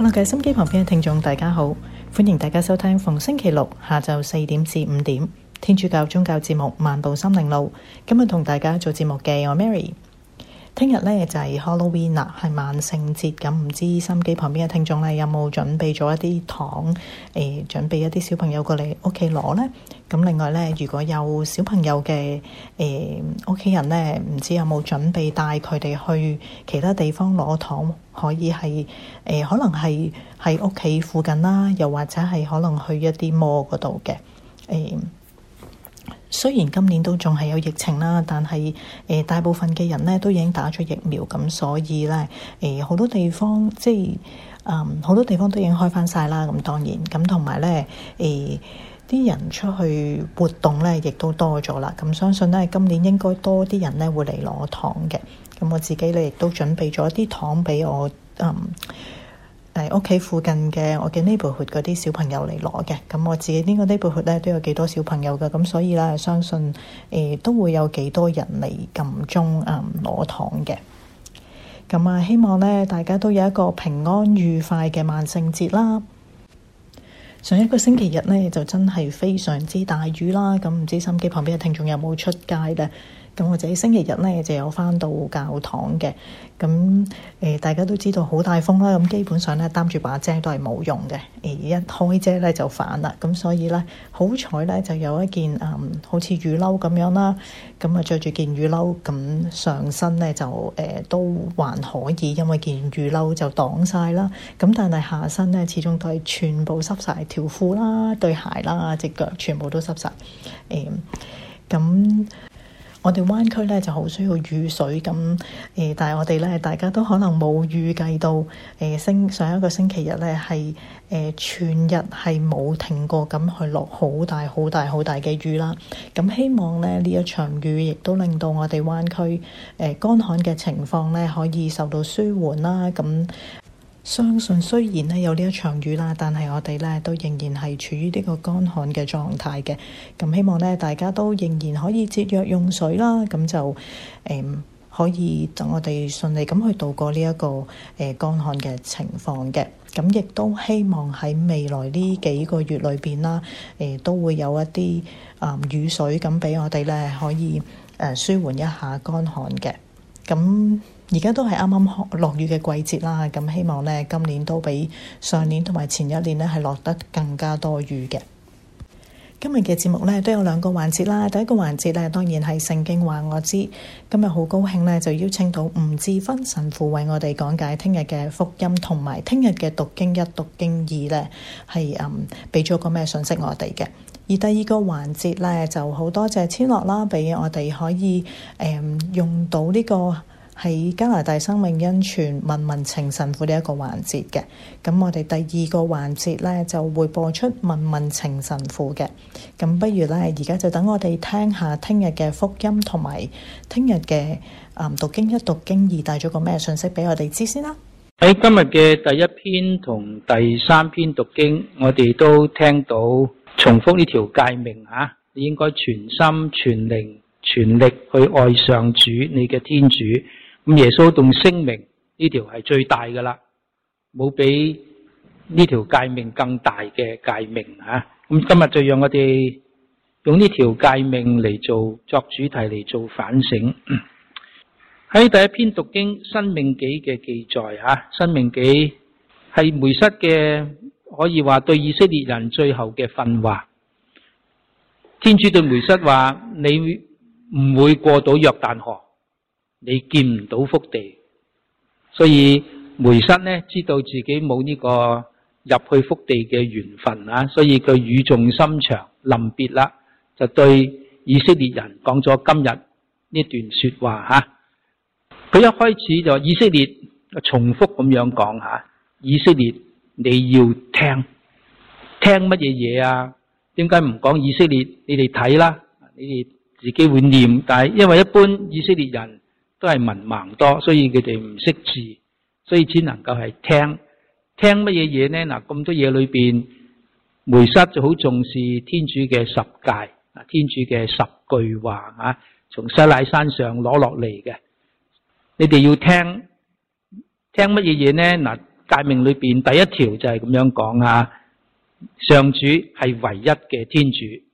快樂嘅心機旁邊嘅聽眾，大家好，歡迎大家收聽逢星期六下午四點至五點天主教宗教節目《漫步心靈路》。今日同大家做節目嘅我係 Mary。聽日咧就係、是、Halloween 啦，係萬聖節咁，唔知心機旁邊嘅聽眾咧有冇準備咗一啲糖？誒、欸，準備一啲小朋友過嚟屋企攞咧。咁另外咧，如果有小朋友嘅誒屋企人咧，唔知有冇準備帶佢哋去其他地方攞糖？可以係誒、欸，可能係喺屋企附近啦，又或者係可能去一啲 mall 嗰度嘅誒。欸。雖然今年都仲係有疫情啦，但係誒、呃，大部分嘅人咧都已經打咗疫苗，咁所以咧誒，好、呃、多地方即係誒，好、嗯、多地方都已經開返晒啦。咁當然咁同埋咧誒，啲、呃、人出去活動咧，亦都多咗啦。咁相信咧，今年應該多啲人咧會嚟攞糖嘅。咁我自己咧亦都準備咗啲糖畀我。嗯。誒，屋企附近嘅我嘅呢部 i 嗰啲小朋友嚟攞嘅，咁我自己呢個呢部 i 呢，都有幾多小朋友噶，咁所以呢，相信誒、呃、都會有幾多人嚟撳鐘啊攞糖嘅。咁啊，希望呢，大家都有一個平安愉快嘅萬聖節啦。上一個星期日呢，就真係非常之大雨啦，咁唔知心機旁邊嘅聽眾有冇出街呢？咁或者星期日咧就有返到教堂嘅。咁誒、呃，大家都知道好大風啦。咁基本上咧，擔住把遮都係冇用嘅。誒，一開遮咧就反啦。咁所以咧，好彩咧就有一件誒、嗯，好似雨褸咁樣啦。咁啊，着住件雨褸，咁上身咧就誒、呃、都還可以，因為件雨褸就擋晒啦。咁但係下身咧，始終都係全部濕晒條褲啦、對鞋啦、隻腳全部都濕晒。誒、嗯、咁。我哋灣區咧就好需要雨水咁，誒，但係我哋咧大家都可能冇預計到，誒、呃、星上一個星期日咧係誒全日係冇停過咁去落好大好大好大嘅雨啦。咁希望咧呢這一場雨亦都令到我哋灣區誒乾旱嘅情況咧可以受到舒緩啦。咁相信雖然呢有呢一場雨啦，但係我哋呢都仍然係處於呢個乾旱嘅狀態嘅。咁希望呢大家都仍然可以節約用水啦，咁就誒、嗯、可以等我哋順利咁去度過呢一個誒乾旱嘅情況嘅。咁亦都希望喺未來呢幾個月裏邊啦，誒、嗯、都會有一啲、嗯、雨水咁俾我哋呢可以舒緩一下乾旱嘅。咁而家都係啱啱落雨嘅季節啦，咁希望呢，今年都比上年同埋前一年呢，係落得更加多雨嘅。今日嘅節目呢，都有兩個環節啦。第一個環節呢，當然係聖經話我知，今日好高興呢，就邀請到吳智勳神父為我哋講解聽日嘅福音同埋聽日嘅讀經一讀經二呢，係誒俾咗個咩信息我哋嘅。而第二個環節呢，就好多謝千樂啦，俾我哋可以誒、嗯、用到呢、這個。喺加拿大生命恩泉問問情神父呢一個環節嘅，咁我哋第二個環節呢，就會播出問問情神父嘅。咁不如呢，而家就等我哋聽下聽日嘅福音同埋聽日嘅啊讀經一讀經二帶咗個咩信息俾我哋知先啦。喺今日嘅第一篇同第三篇讀經，我哋都聽到重複呢條誡命啊，你應該全心全靈全力去愛上主，你嘅天主。咁耶穌仲聲明呢條係最大噶啦，冇比呢條誡命更大嘅誡命吓。咁、啊、今日就讓我哋用呢條誡命嚟做作主題嚟做反省。喺第一篇讀經《申命記》嘅記載吓，啊《申命記》係梅瑟嘅可以話，對以色列人最後嘅訓話。天主對梅瑟話：你唔會過到約旦河。你見唔到福地，所以梅瑟呢，知道自己冇呢個入去福地嘅緣分啊，所以佢語重心長，臨別啦，就對以色列人講咗今日呢段說話吓。佢一開始就以色列重複咁樣講吓，以色列你要聽，聽乜嘢嘢啊？點解唔講以色列？你哋睇啦，你哋自己會念，但係因為一般以色列人，都係文盲多，所以佢哋唔識字，所以只能夠係聽聽乜嘢嘢呢？嗱，咁多嘢裏邊，梅瑟就好重視天主嘅十誡，啊，天主嘅十句話啊，從西奈山上攞落嚟嘅。你哋要聽聽乜嘢嘢呢？嗱，誡命裏邊第一條就係咁樣講啊，上主係唯一嘅天主。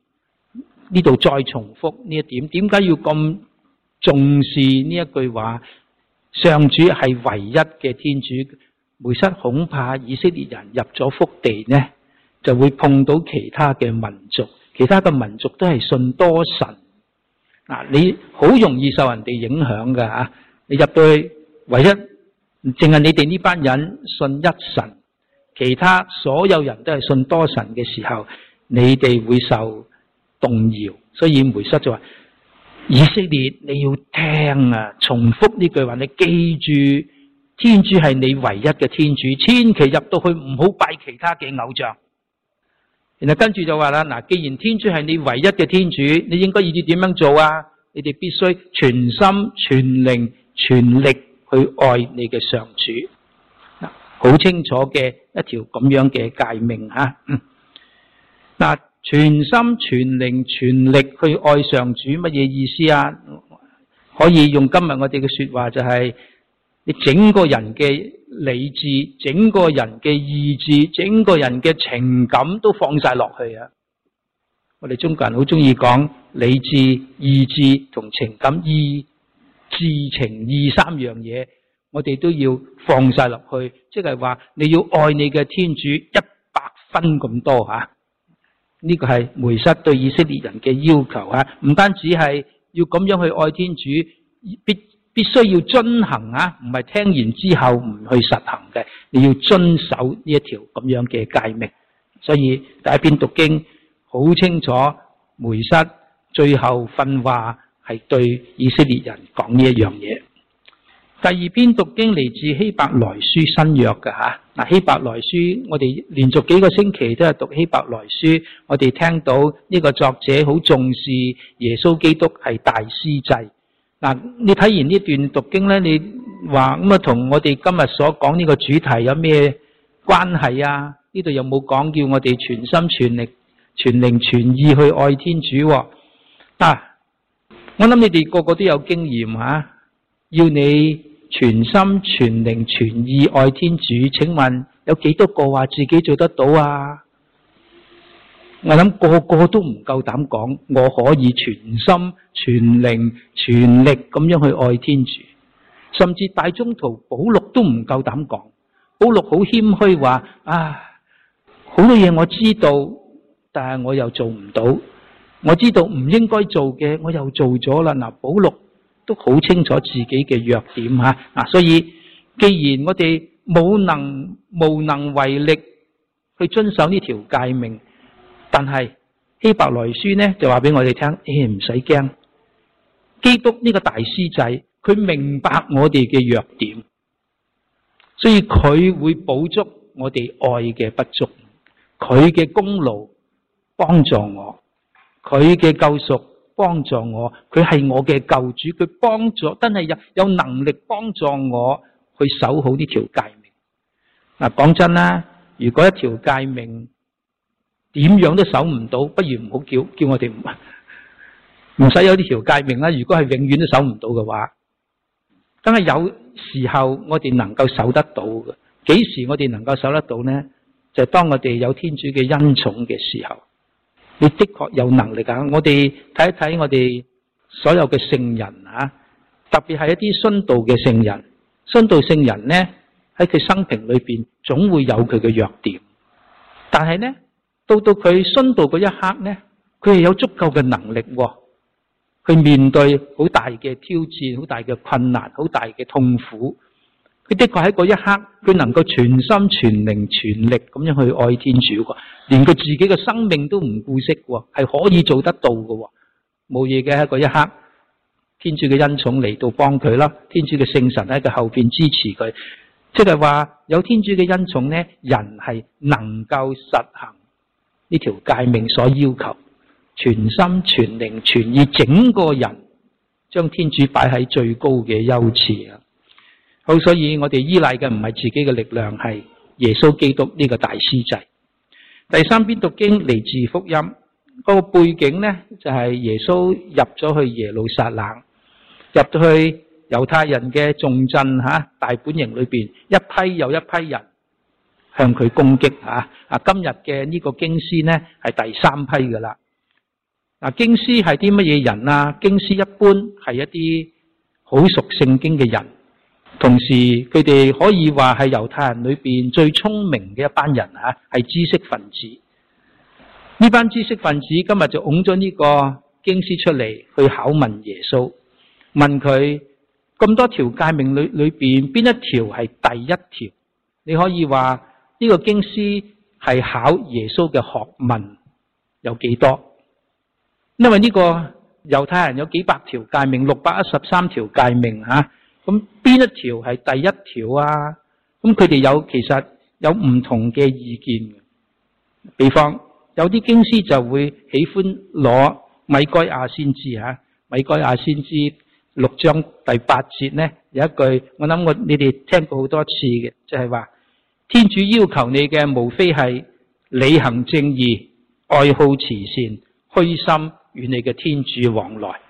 呢度再重複呢一點，點解要咁？重視呢一句話，上主係唯一嘅天主。梅瑟恐怕以色列人入咗福地呢，就會碰到其他嘅民族，其他嘅民族都係信多神。嗱，你好容易受人哋影響噶啊！你入到去，唯一淨係你哋呢班人信一神，其他所有人都係信多神嘅時候，你哋會受動搖。所以梅瑟就話。以色列，你要聽啊！重複呢句話，你記住，天主係你唯一嘅天主，千祈入到去唔好拜其他嘅偶像。然後跟住就話啦，嗱，既然天主係你唯一嘅天主，你應該要點樣做啊？你哋必須全心、全靈、全力去愛你嘅上主。嗱，好清楚嘅一條咁樣嘅誡命啊！嗱。全心全靈全力去愛上主，乜嘢意思啊？可以用今日我哋嘅說話，就係你整個人嘅理智、整個人嘅意志、整個人嘅情感都放晒落去啊！我哋中國人好中意講理智、意志同情感，意志情意三樣嘢，我哋都要放晒落去，即係話你要愛你嘅天主一百分咁多吓。呢個係梅瑟對以色列人嘅要求啊，唔單止係要咁樣去愛天主，必必須要遵行啊，唔係聽完之後唔去實行嘅，你要遵守呢一條咁樣嘅誡命。所以第一篇讀經好清楚，梅瑟最後訓話係對以色列人講呢一樣嘢。第二篇讀經嚟自希伯來書，新約嘅吓。嗱，希伯來書我哋連續幾個星期都係讀希伯來書，我哋聽到呢個作者好重視耶穌基督係大司祭。嗱，你睇完呢段讀經咧，你話咁啊，同我哋今日所講呢個主題有咩關係啊？呢度有冇講叫我哋全心全力、全靈全意去愛天主？啊，我諗你哋個個都有經驗吓。要你全心全靈全意愛天主，請問有幾多個話自己做得到啊？我諗個個都唔夠膽講，我可以全心全靈全力咁樣去愛天主，甚至大宗徒保祿都唔夠膽講。保祿好謙虛話啊，好多嘢，我知道，但係我又做唔到，我知道唔應該做嘅我又做咗啦。嗱，保祿。都好清楚自己嘅弱點吓，所以既然我哋冇能無能為力去遵守呢條誡命，但係希伯來書呢就話俾我哋聽：你唔使驚，基督呢個大祭司，佢明白我哋嘅弱點，所以佢會補足我哋愛嘅不足，佢嘅功勞幫助我，佢嘅救贖。幫助我，佢係我嘅救主，佢幫助真係有有能力幫助我去守好呢條誡命。嗱，講真啦，如果一條誡命點樣都守唔到，不如唔好叫叫我哋唔使有呢條誡命啦。如果係永遠都守唔到嘅話，真係有時候我哋能夠守得到嘅。幾時我哋能夠守得到呢？就是、當我哋有天主嘅恩寵嘅時候。你的確有能力啊！我哋睇一睇我哋所有嘅聖人啊，特別係一啲殉道嘅聖人，殉道聖人呢，喺佢生平裏邊總會有佢嘅弱點，但係呢，到到佢殉道嗰一刻呢，佢係有足夠嘅能力去面對好大嘅挑戰、好大嘅困難、好大嘅痛苦。佢的確喺嗰一刻，佢能夠全心全靈全力咁樣去愛天主，連佢自己嘅生命都唔顧惜，係可以做得到嘅。冇嘢嘅，喺嗰一刻，天主嘅恩寵嚟到幫佢啦，天主嘅聖神喺佢後邊支持佢，即係話有天主嘅恩寵咧，人係能夠實行呢條誡命所要求，全心全靈全意整個人將天主擺喺最高嘅優先啊！好，所以我哋依賴嘅唔係自己嘅力量，係耶穌基督呢個大司祭。第三篇讀經嚟自福音，嗰個背景咧就係、是、耶穌入咗去耶路撒冷，入到去猶太人嘅重鎮吓大本營裏邊，一批又一批人向佢攻擊吓啊。今日嘅呢個經師咧係第三批噶啦。嗱，經師係啲乜嘢人啊？經師一般係一啲好熟聖經嘅人。同時，佢哋可以話係猶太人裏邊最聰明嘅一班人吓，係知識分子。呢班知識分子今日就拱咗呢個經師出嚟，去考問耶穌，問佢咁多條誡命裏裏邊邊一條係第一條？你可以話呢個經師係考耶穌嘅學問有幾多？因為呢個猶太人有幾百條誡命，六百一十三條誡命吓。咁邊一條係第一條啊？咁佢哋有其實有唔同嘅意見。比方有啲經師就會喜歡攞米該亞先知吓，米該亞先知六章第八節呢有一句，我諗我你哋聽過好多次嘅，就係話天主要求你嘅無非係履行正義、愛好慈善、虛心與你嘅天主往來。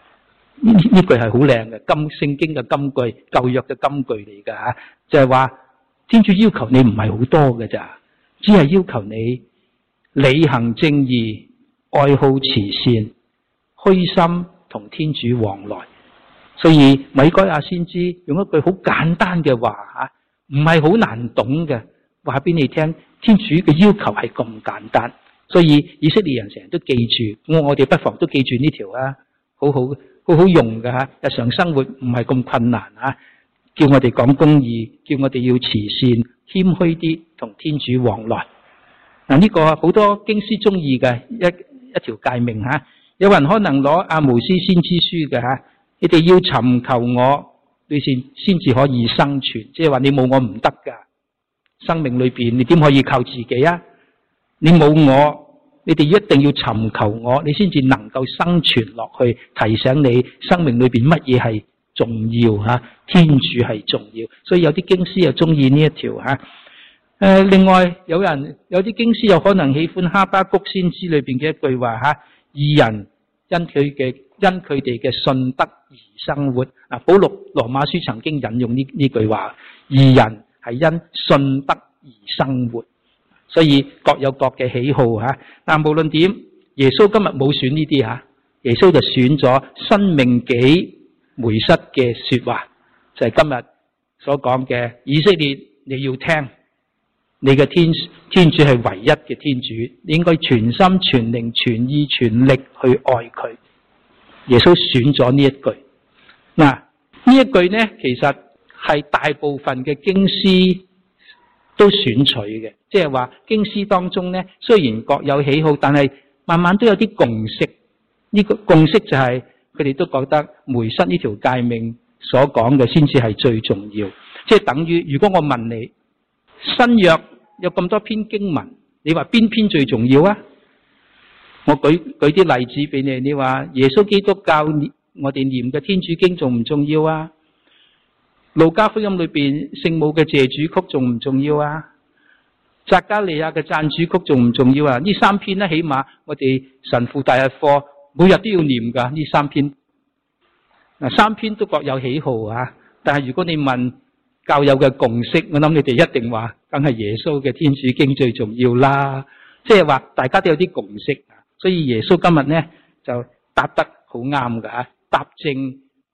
呢呢句係好靚嘅，金聖經嘅金句，舊約嘅金句嚟噶吓，就係話天主要求你唔係好多嘅咋，只係要求你履行正義、愛好慈善、虛心同天主往來。所以米該亞先知用一句好簡單嘅話吓，唔係好難懂嘅，話俾你聽，天主嘅要求係咁簡單。所以以色列人成日都記住，我我哋不妨都記住呢條啊，好好。好好用嘅嚇，日常生活唔係咁困難嚇。叫我哋講公義，叫我哋要慈善、謙虛啲，同天主往來。嗱、這、呢個好多經師中意嘅一一條誡命。嚇。有人可能攞阿摩斯先知書嘅嚇，你哋要尋求我，你先先至可以生存。即係話你冇我唔得㗎，生命裏面，你點可以靠自己啊？你冇我。你哋一定要尋求我，你先至能夠生存落去。提醒你生命裏面乜嘢係重要嚇，天主係重要。所以有啲經師又中意呢一條嚇。誒，另外有人有啲經師有可能喜歡《哈巴谷先知》裏面嘅一句話嚇：二人因佢嘅因佢哋嘅信德而生活。啊，保祿羅馬書曾經引用呢呢句話：二人係因信德而生活。所以各有各嘅喜好吓，但無論點，耶穌今日冇選呢啲吓，耶穌就選咗申命紀梅瑟嘅說話，就係、是、今日所講嘅，以色列你要聽，你嘅天天主係唯一嘅天主，你應該全心全靈全意全力去愛佢。耶穌選咗呢一句，嗱呢一句咧其實，係大部分嘅經師。都選取嘅，即係話經師當中呢，雖然各有喜好，但係慢慢都有啲共識。呢個共識就係佢哋都覺得梅瑟呢條誡命所講嘅先至係最重要。即係等於，如果我問你新約有咁多篇經文，你話邊篇最重要啊？我舉舉啲例子俾你，你話耶穌基督教我哋念嘅天主經重唔重要啊？路加福音裏邊聖母嘅謝主曲仲唔重要啊？匝加利亞嘅贊主曲仲唔重要啊？呢三篇咧，起碼我哋神父大日課每日都要念噶呢三篇。嗱三篇都各有喜好啊，但係如果你問教友嘅共識，我諗你哋一定話，梗係耶穌嘅天主經最重要啦。即係話大家都有啲共識啊，所以耶穌今日咧就答得好啱噶，答正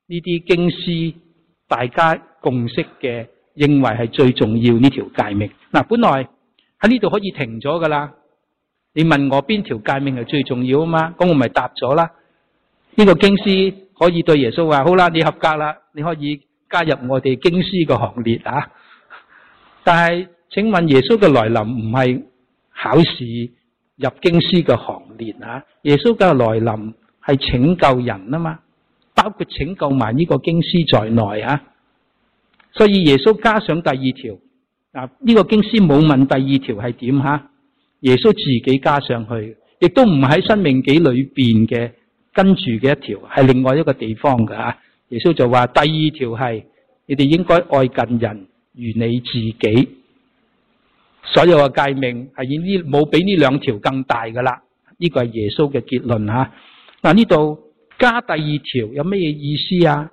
呢啲經師。大家共識嘅認為係最重要呢條界命嗱，本來喺呢度可以停咗噶啦。你問我邊條界命係最重要啊嘛？咁我咪答咗啦。呢個經師可以對耶穌話：好啦，你合格啦，你可以加入我哋經師嘅行列啊。但係，請問耶穌嘅來臨唔係考試入經師嘅行列啊？耶穌嘅來臨係拯救人啊嘛？包括拯救埋呢個經師在內啊，所以耶穌加上第二條啊，呢個經師冇問第二條係點哈，耶穌自己加上去，亦都唔喺申命記裏邊嘅跟住嘅一條，係另外一個地方嘅啊。耶穌就話第二條係你哋應該愛近人如你自己，所有嘅誡命係以呢冇比呢兩條更大噶啦，呢個係耶穌嘅結論啊。嗱呢度。加第二條有乜嘢意思啊？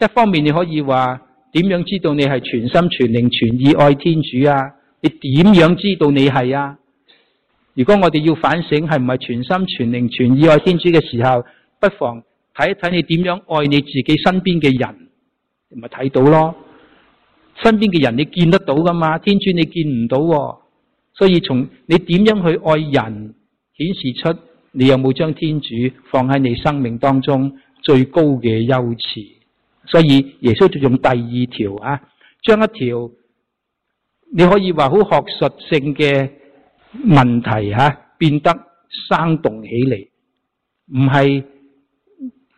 一方面你可以話，點樣知道你係全心全靈全意愛天主啊？你點樣知道你係啊？如果我哋要反省係唔係全心全靈全意愛天主嘅時候，不妨睇一睇你點樣愛你自己身邊嘅人，咪睇到咯。身邊嘅人你見得到㗎嘛？天主你見唔到喎，所以從你點樣去愛人，顯示出。你有冇將天主放喺你生命當中最高嘅優次？所以耶穌就用第二條啊，將一條你可以話好學術性嘅問題吓、啊，變得生動起嚟。唔係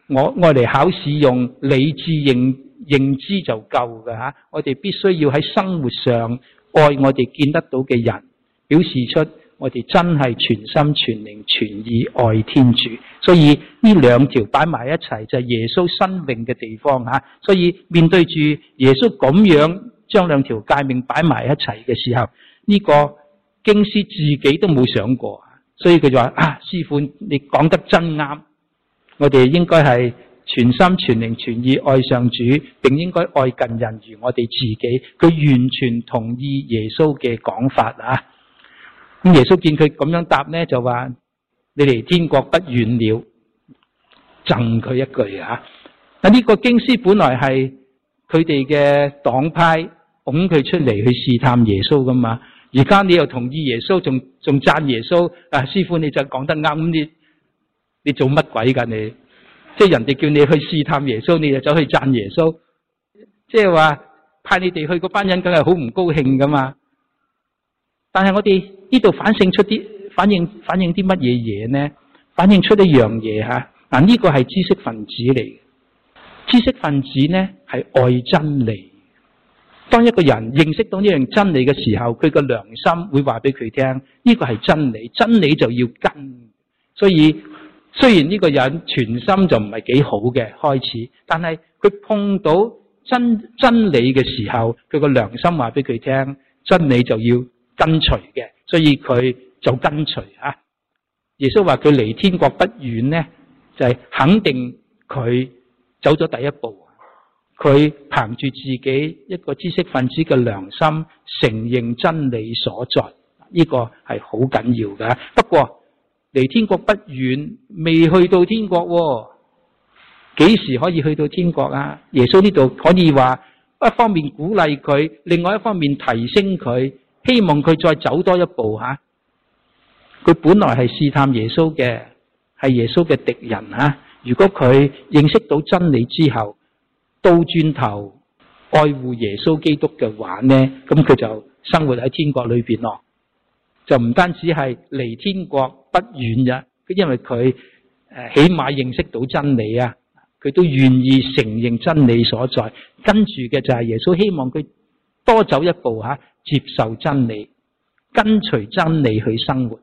我我嚟考試用理智認認知就夠嘅吓，我哋必須要喺生活上愛我哋見得到嘅人，表示出。我哋真係全心全靈全意愛天主，所以呢兩條擺埋一齊就係耶穌生命嘅地方吓。所以面對住耶穌咁樣將兩條誡命擺埋一齊嘅時候，呢個經師自己都冇想過，所以佢就話：啊，師傅，你講得真啱，我哋應該係全心全靈全意愛上主，並應該愛近人如我哋自己。佢完全同意耶穌嘅講法啊！咁耶穌見佢咁樣答咧，就話：你離天國不遠了。贈佢一句呀。啊呢個經師本來係佢哋嘅黨派，哄佢出嚟去試探耶穌噶嘛。而家你又同意耶穌，仲仲讚耶穌啊！師傅，你就講得啱啲，你做乜鬼㗎？你即係人哋叫你去試探耶穌，你就走去讚耶穌。即係話派你哋去嗰班人，梗係好唔高興噶嘛。但係我哋呢度反省出啲反映反映啲乜嘢嘢呢？反映出一樣嘢，吓，嗱，呢個係知識分子嚟。知識分子呢係愛真理。當一個人認識到呢樣真理嘅時候，佢個良心會話俾佢聽：呢個係真理，真理就要跟。所以雖然呢個人全心就唔係幾好嘅開始，但係佢碰到真真理嘅時候，佢個良心話俾佢聽：真理就要。跟隨嘅，所以佢就跟隨啊！耶穌話佢離天國不遠呢，就係、是、肯定佢走咗第一步。佢憑住自己一個知識分子嘅良心，承認真理所在，呢、這個係好緊要嘅。不過離天國不遠，未去到天國、啊，幾時可以去到天國啊？耶穌呢度可以話，一方面鼓勵佢，另外一方面提升佢。希望佢再走多一步吓，佢本來係試探耶穌嘅，係耶穌嘅敵人吓。如果佢認識到真理之後，倒轉頭愛護耶穌基督嘅話呢，咁佢就生活喺天國裏邊咯。就唔單止係離天國不遠啫，因為佢誒起碼認識到真理啊，佢都願意承認真理所在。跟住嘅就係耶穌希望佢。多走一步吓，接受真理，跟隨真理去生活，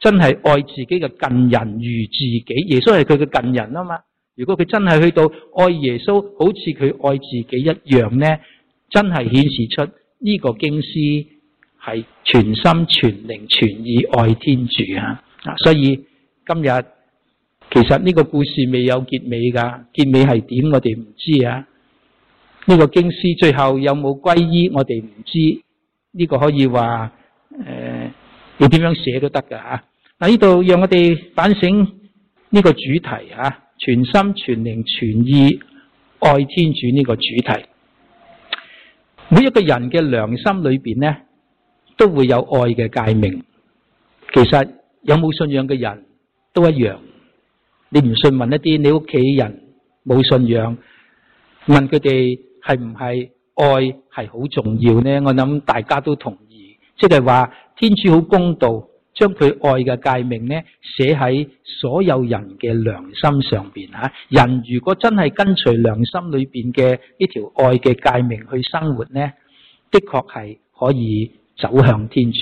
真係愛自己嘅近人如自己。耶穌係佢嘅近人啊嘛。如果佢真係去到愛耶穌，好似佢愛自己一樣呢？真係顯示出呢個經師係全心全靈全意愛天主啊！所以今日其實呢個故事未有結尾噶，結尾係點我哋唔知啊。呢個經師最後有冇歸依，我哋唔知。呢個可以話誒，你、呃、點樣寫都得噶吓。嗱，呢度讓我哋反省呢個主題，全心全靈全意愛天主呢個主題。每一個人嘅良心裏邊呢，都會有愛嘅誡命。其實有冇信仰嘅人都一樣，你唔信問一啲你屋企人冇信仰，問佢哋。係唔係愛係好重要呢？我諗大家都同意，即係話天主好公道，將佢愛嘅誡命呢，寫喺所有人嘅良心上邊吓。人如果真係跟隨良心裏邊嘅呢條愛嘅誡命去生活呢，的確係可以走向天主。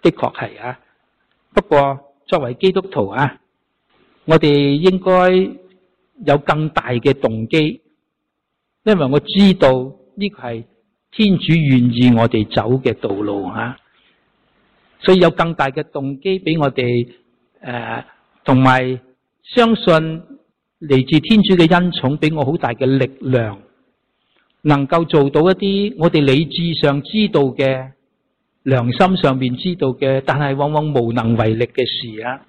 的確係啊。不過作為基督徒啊，我哋應該有更大嘅動機。因為我知道呢個係天主願意我哋走嘅道路，所以有更大嘅動機俾我哋誒，同埋相信嚟自天主嘅恩寵，俾我好大嘅力量，能夠做到一啲我哋理智上知道嘅、良心上面知道嘅，但係往往無能為力嘅事啊。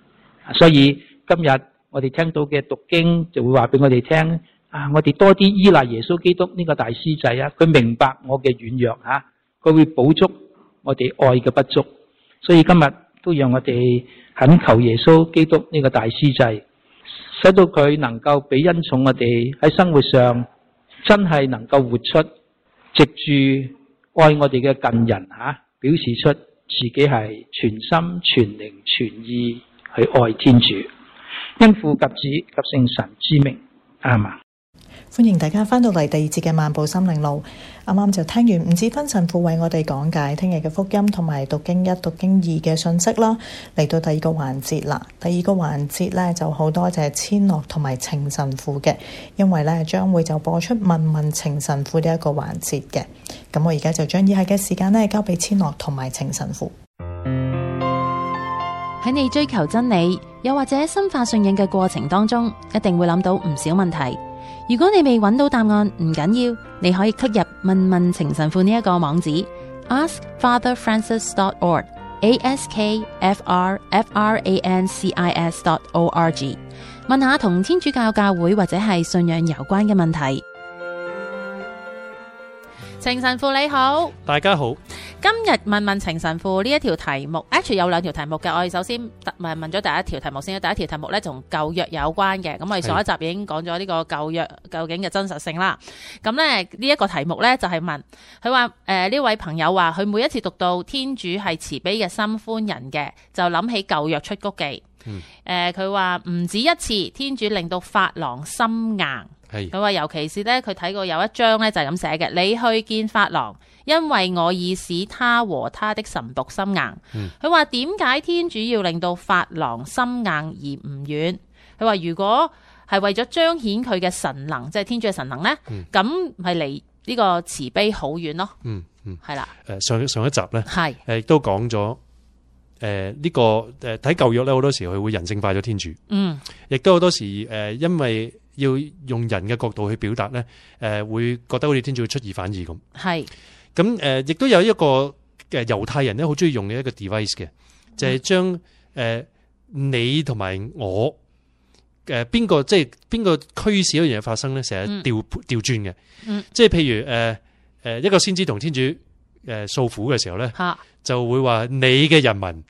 所以今日我哋聽到嘅讀經就會話俾我哋聽。啊！我哋多啲依賴耶穌基督呢個大師仔啊，佢明白我嘅軟弱吓，佢會補足我哋愛嘅不足。所以今日都讓我哋懇求耶穌基督呢個大師仔，使到佢能夠俾恩寵我哋喺生活上真係能夠活出藉住愛我哋嘅近人吓、啊，表示出自己係全心全靈全意去愛天主，因父及子及聖神之名，啱嘛？歡迎大家返到嚟，第二節嘅漫步心靈路。啱啱就聽完吳志芬神父為我哋講解聽日嘅福音同埋讀經一、讀經二嘅訊息啦。嚟到第二個環節啦，第二個環節咧就好多謝千樂同埋情神父嘅，因為咧將會就播出問問情神父呢一個環節嘅。咁我而家就將以下嘅時間咧交俾千樂同埋情神父。喺你追求真理，又或者深化信仰嘅過程當中，一定會諗到唔少問題。如果你未揾到答案，唔緊要，你可以 click 入問問情神父呢一個網址 askfatherfrancis.org，askfrfrancis.org，問下同天主教教會或者係信仰有關嘅問題。情神父你好，大家好。今日問問情神父呢一條題目，actually 有兩條題目嘅。我哋首先唔問咗第一條題目先，第一條題目咧同舊約有關嘅。咁我哋上一集已經講咗呢個舊約究竟嘅真實性啦。咁咧呢一、這個題目咧就係、是、問佢話，誒呢、呃、位朋友話佢每一次讀到天主係慈悲嘅心寬仁嘅，就諗起舊約出谷記。誒佢話唔止一次，天主令到法郎心硬。佢話是尤其是咧，佢睇過有一章咧就係咁寫嘅。你去見法郎，因為我已使他和他的神僕心硬。佢話點解天主要令到法郎心硬而唔遠？佢話如果係為咗彰顯佢嘅神能，即係天主嘅神能呢，咁係離呢個慈悲好遠咯。嗯嗯，係啦。誒，上上一集呢，係亦都講咗誒呢個誒睇舊約咧，好多時佢會人性化咗天主。嗯，亦都好多時誒因為。要用人嘅角度去表達咧，誒、呃、會覺得好似天主會出爾反爾咁。係是，咁誒亦都有一個嘅猶太人咧，好中意用嘅一個 device 嘅，就係、是、將誒、呃、你同埋我，誒、呃、邊個即係邊個驅使一樣嘢發生咧，成日調調轉嘅。嗯，嗯即係譬如誒誒、呃、一個先知同天主誒、呃、訴苦嘅時候咧，哈就會話你嘅人民。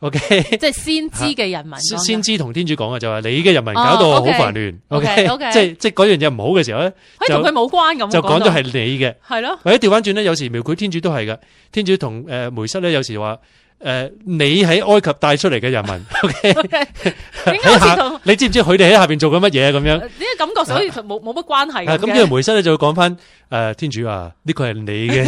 OK，即係先知嘅人民，先知同天主講嘅就係、是、你嘅人民搞到、okay? Okay? Okay? 我好煩亂，OK，即係即係嗰樣嘢唔好嘅時候咧，可以同佢冇關咁，就講咗係你嘅，係咯的，或者調翻轉咧，有時描繪天主都係噶，天主同誒梅瑟咧，有時話。誒，你喺埃及帶出嚟嘅人民，OK？點解知道？你知唔知佢哋喺下邊做緊乜嘢咁樣？呢個感覺，所以冇冇乜關係咁，因為梅瑟咧就會講翻，誒，天主啊，呢個係你嘅，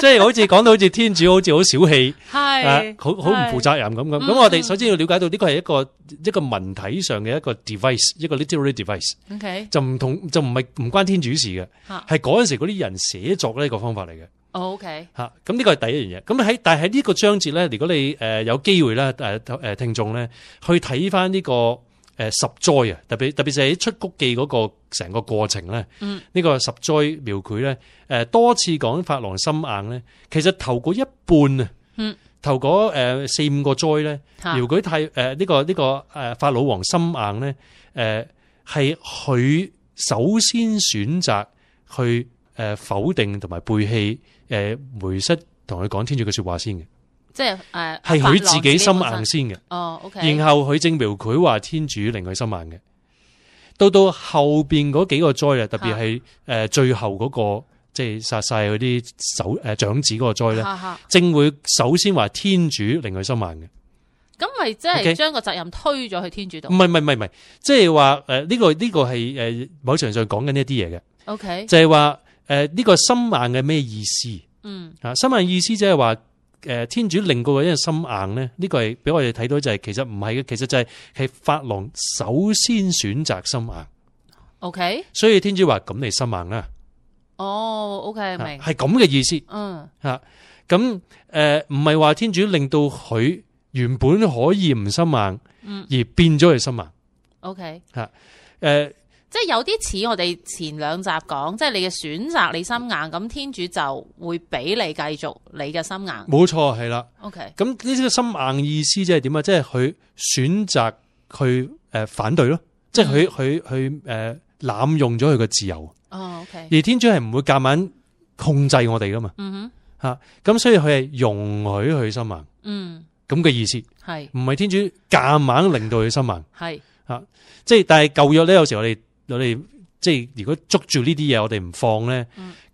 即係好似講到好似天主好似好小氣，係，好好唔負責任咁咁咁我哋首先要了解到呢個係一個一個文體上嘅一個 device，一個 literary device，OK？就唔同，就唔係唔關天主事嘅，係嗰陣時嗰啲人寫作呢個方法嚟嘅。O K，吓，咁呢個係第一樣嘢。咁喺但係喺呢個章節咧，如果你誒有機會咧，誒誒聽眾咧去睇返呢個誒十災啊，特別特別就喺出谷記嗰個成個過程咧，嗯、呢個十災描繪咧，誒多次講法郎心硬咧，其實頭嗰一半啊，嗯、頭誒四五個災咧，描繪太誒呢、這個呢、這個誒法老王心硬咧，誒係佢首先選擇去誒否定同埋背棄。誒、呃，梅瑟同佢講天主嘅說話先嘅，即係誒係佢自己心硬先嘅。哦，O K。Okay、然後佢證明佢話天主令佢心硬嘅。到到後邊嗰幾個災啊，特別係誒最後嗰、那個，即係殺晒嗰啲手誒、呃、長子嗰個災咧，啊啊、正會首先話天主令佢心硬嘅。咁咪即係將個責任推咗去天主度？唔、這、係、個，唔、呃、係，唔係，唔係 Okay，即係話誒呢個呢個係誒某程度上講緊呢一啲嘢嘅。O K，就係話。誒，呢、呃這個心硬嘅咩意思？嗯，心硬意思即係話，誒、呃，天主令過、這個嘅一個心硬咧，呢個係俾我哋睇到就係其實唔係，其實就係係法郎首先選擇心硬。O Okay ? K，所以天主話咁你心硬啦。哦，O K，係咁嘅意思。嗯、啊，吓、呃，咁誒，唔係話天主令到佢原本可以唔心硬，嗯、而變咗佢心硬。O K，吓，誒、呃。即係有啲似我哋前兩集講，即係你嘅選擇，你心硬，咁天主就會俾你繼續你嘅心硬。冇錯，係啦。OK，咁呢個心硬、嗯、意思即係點啊？即係佢選擇去誒反對咯，即係佢佢佢誒濫用咗佢嘅自由。哦，OK。而天主係唔會夾硬控制我哋噶嘛。嗯哼。吓，咁所以佢係容許佢心硬。嗯。咁嘅意思係，唔係天主夾硬令到佢心硬。係。吓，即係但係舊約咧，有時我哋。我哋即係如果捉住呢啲嘢，我哋唔放咧，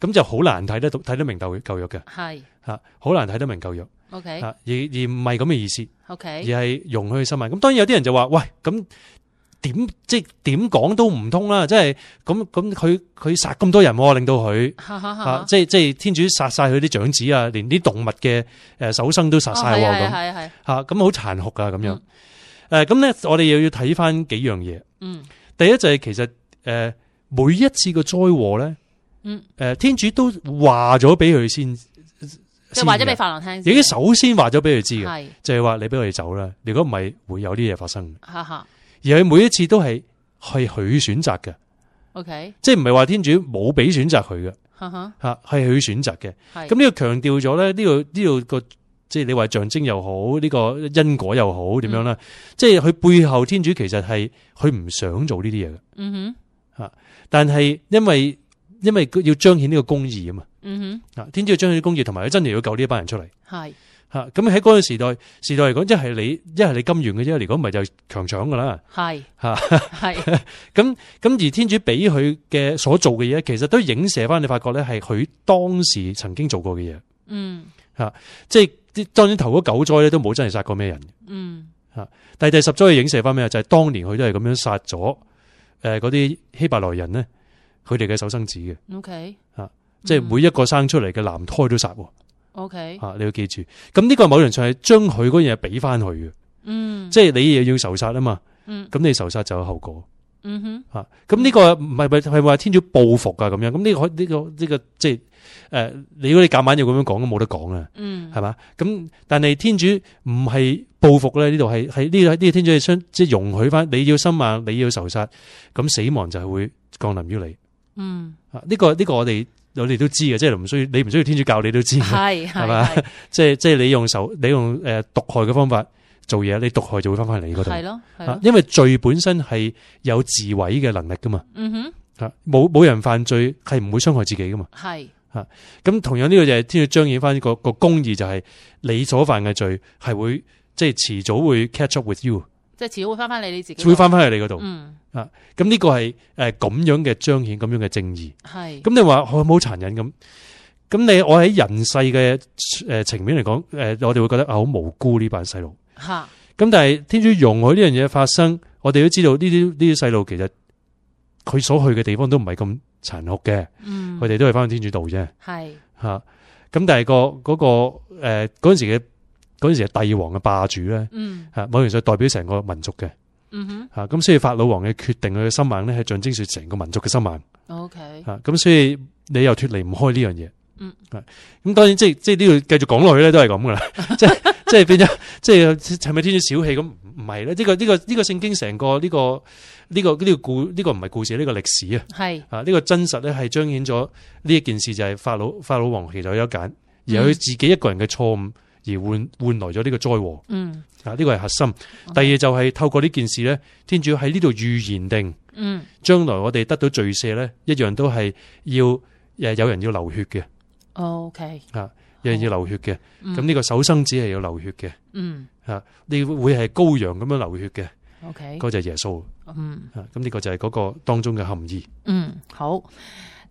咁、嗯、就好難睇得到、睇得明舊舊約嘅，係吓好難睇得明舊約。O Okay K、啊、而而唔係咁嘅意思。O Okay K，而係容許去心啊。咁當然有啲人就話：，喂，咁點即係點講都唔通啦。即係咁咁，佢佢殺咁多人、啊，令到佢吓吓吓，即係即係天主殺晒佢啲長子啊，連啲動物嘅誒手生都殺晒、啊，係係係吓咁好殘酷啊，咁樣、嗯啊。誒，咁咧我哋又要睇翻幾樣嘢。嗯，第一就係其實。誒，每一次個災禍咧，嗯，誒，天主都話咗俾佢先，就話咗俾法郎聽，已經首先話咗俾佢知嘅，係就係話你俾佢哋走啦，如果唔係會有啲嘢發生，哈哈。而佢每一次都係係佢選擇嘅，OK，即係唔係話天主冇俾選擇佢嘅，哈吓係佢選擇嘅，咁呢個強調咗咧，呢度呢度個即係你話象徵又好，呢個因果又好點樣咧？即係佢背後天主其實係佢唔想做呢啲嘢嘅，嗯哼。吓，但係因為因為要彰顯呢個公義啊嘛，嗯哼，吓，天主要彰顯啲公義，同埋佢真係要救呢班人出嚟，係吓，咁喺嗰個時代時代嚟講，即係你一係你金元嘅啫，如果唔係就強搶噶啦，係吓係咁咁，而天主俾佢嘅所做嘅嘢，其實都影射翻你發覺咧，係佢當時曾經做過嘅嘢，嗯吓、啊，即係當然頭嗰九災咧都冇真係殺過咩人，嗯吓，但、啊、第、第十災影射翻咩啊？就係、是、當年佢都係咁樣殺咗。誒，嗰啲、呃、希伯來人咧，佢哋嘅首生子嘅，OK，啊，即係每一個生出嚟嘅男胎都殺，OK，啊，你要記住，咁呢個某程度上係將佢嗰樣嘢俾翻佢嘅，嗯，即係你嘢要仇殺啊嘛，嗯，咁你仇殺就有後果。嗯哼，啊，咁、這、呢個唔係咪係咪話天主報復啊咁樣？咁、這、呢個呢、這個呢、這個即係誒，如果你夾硬要咁樣講，都冇得講啊。嗯，係嘛？咁但係天主唔係報復咧，呢度係係呢個呢、這個天主係想即係容許翻你要殺嘛，你要仇殺，咁死亡就係會降臨於你。嗯、啊，呢、這個呢、這個我哋我哋都知嘅，即係唔需要你唔需要天主教，你都知嘅，係係嘛？即係即係你用手你用誒毒害嘅方法。做嘢你毒害就會翻翻嚟你嗰度。係咯，因為罪本身係有自毀嘅能力噶嘛，嗯哼，吓，冇冇人犯罪係唔會傷害自己噶嘛，係，吓，咁同樣呢個就係要彰顯翻個個公義，就係你所犯嘅罪係會即係遲早會 catch up with you，即係遲早會翻翻嚟你自己，會翻翻嚟你嗰度，嗯，咁呢個係誒咁樣嘅彰顯咁樣嘅正義有有。係。咁你話好冇好殘忍咁？咁你我喺人世嘅誒情面嚟講，誒我哋會覺得好無辜呢班細路。吓，咁但係天主容許呢樣嘢發生，我哋都知道呢啲呢啲細路其實佢所去嘅地方都唔係咁殘酷嘅，嗯，佢哋都係翻去天主道啫，係吓是，咁但係個嗰個誒嗰陣時嘅嗰陣時係帝王嘅霸主咧，嗯，吓，某件就代表成個民族嘅，嗯哼，吓，咁所以法老王嘅決定佢嘅心眼咧係象徵住成個民族嘅心眼，OK，吓，咁所以你又脫離唔開呢樣嘢。嗯，係咁，當然即係即係呢度繼續講落去咧，都係咁噶啦，即係即係變咗，即係係咪天主小氣咁？唔係咧，呢個呢個呢個聖經成個呢個呢個呢個故呢個唔係故事，呢個歷史是啊，係啊呢個真實咧係彰顯咗呢一件事，就係法老法老王其實有揀，而佢自己一個人嘅錯誤而換換來咗呢個災禍。嗯，啊呢個係核心。第二就係透過呢件事咧，天主喺呢度預言定，嗯，將來我哋得到罪赦咧，一樣都係要誒有人要流血嘅。O K 啊，okay，人要流血嘅，咁呢、嗯、個手生子係要流血嘅，嗯，你會係羔羊咁樣流血嘅。O Okay , K，嗰就耶穌，嗯咁呢個就係嗰個當中嘅含義。嗯，好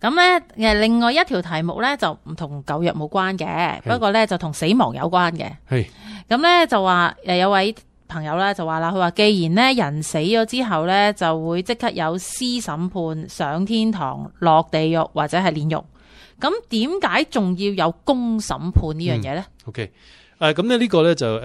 咁咧，誒，另外一條題目咧就唔同舊約冇關嘅，不過咧就同死亡有關嘅。係咁咧就話誒，有位朋友咧就話啦，佢話既然呢人死咗之後咧就會即刻有私審判上天堂、落地獄或者係煉獄。咁點解仲要有公審判呢樣嘢咧？O K，誒，咁呢呢個咧就誒誒、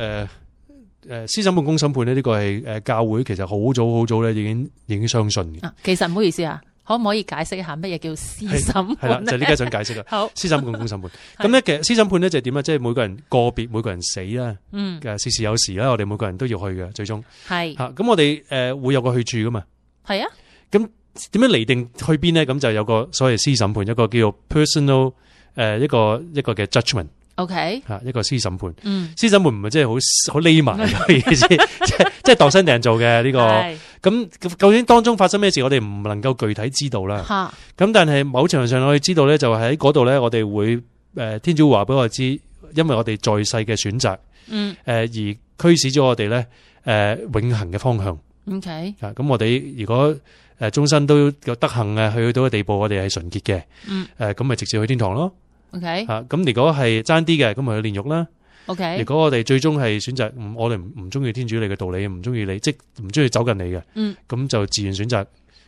呃，私審判、公審判呢呢、呢個係誒、呃、教會其實好早好早咧已經已經相信嘅、啊。其實唔好意思啊，可唔可以解釋一下乜嘢叫私審？係啦，你呢家想解釋啦。 好，私審判、公審判。咁呢 的其實私審判咧就係點啊，即係每個人個別，每個人死啦，嗯，事事有時啦，我哋每個人都要去嘅，最終係吓。咁是的、啊、我哋誒、呃、會有個去處噶嘛？係啊的，咁。點樣嚟定去邊呢？咁就有個所謂私審判，一個叫做 personal 誒、呃，一個一個嘅 judgment。OK 吓，一個私審判。Okay. 審判，嗯，私審判唔係即係好好匿埋嘅意思，即係即係度身訂做嘅呢、這個。咁是究竟當中發生咩事，我哋唔能夠具體知道啦。咁哈，但係某程度上我哋知道咧，就喺嗰度咧，我哋會誒天主話俾我哋知，因為我哋在世嘅選擇，嗯誒、呃、而驅使咗我哋咧誒永恒嘅方向。O Okay . K 啊，咁我哋如果。誒，終身都有德行嘅，去到個地步我純潔，我哋係純潔嘅。嗯。誒，咁咪直接去天堂咯。OK。吓，咁如果係爭啲嘅，咁咪去煉獄啦。OK。如果, Okay 如果我哋最終係選擇，唔我哋唔唔中意天主你嘅道理，唔中意你，即唔中意走近你嘅。嗯。咁就自願選擇。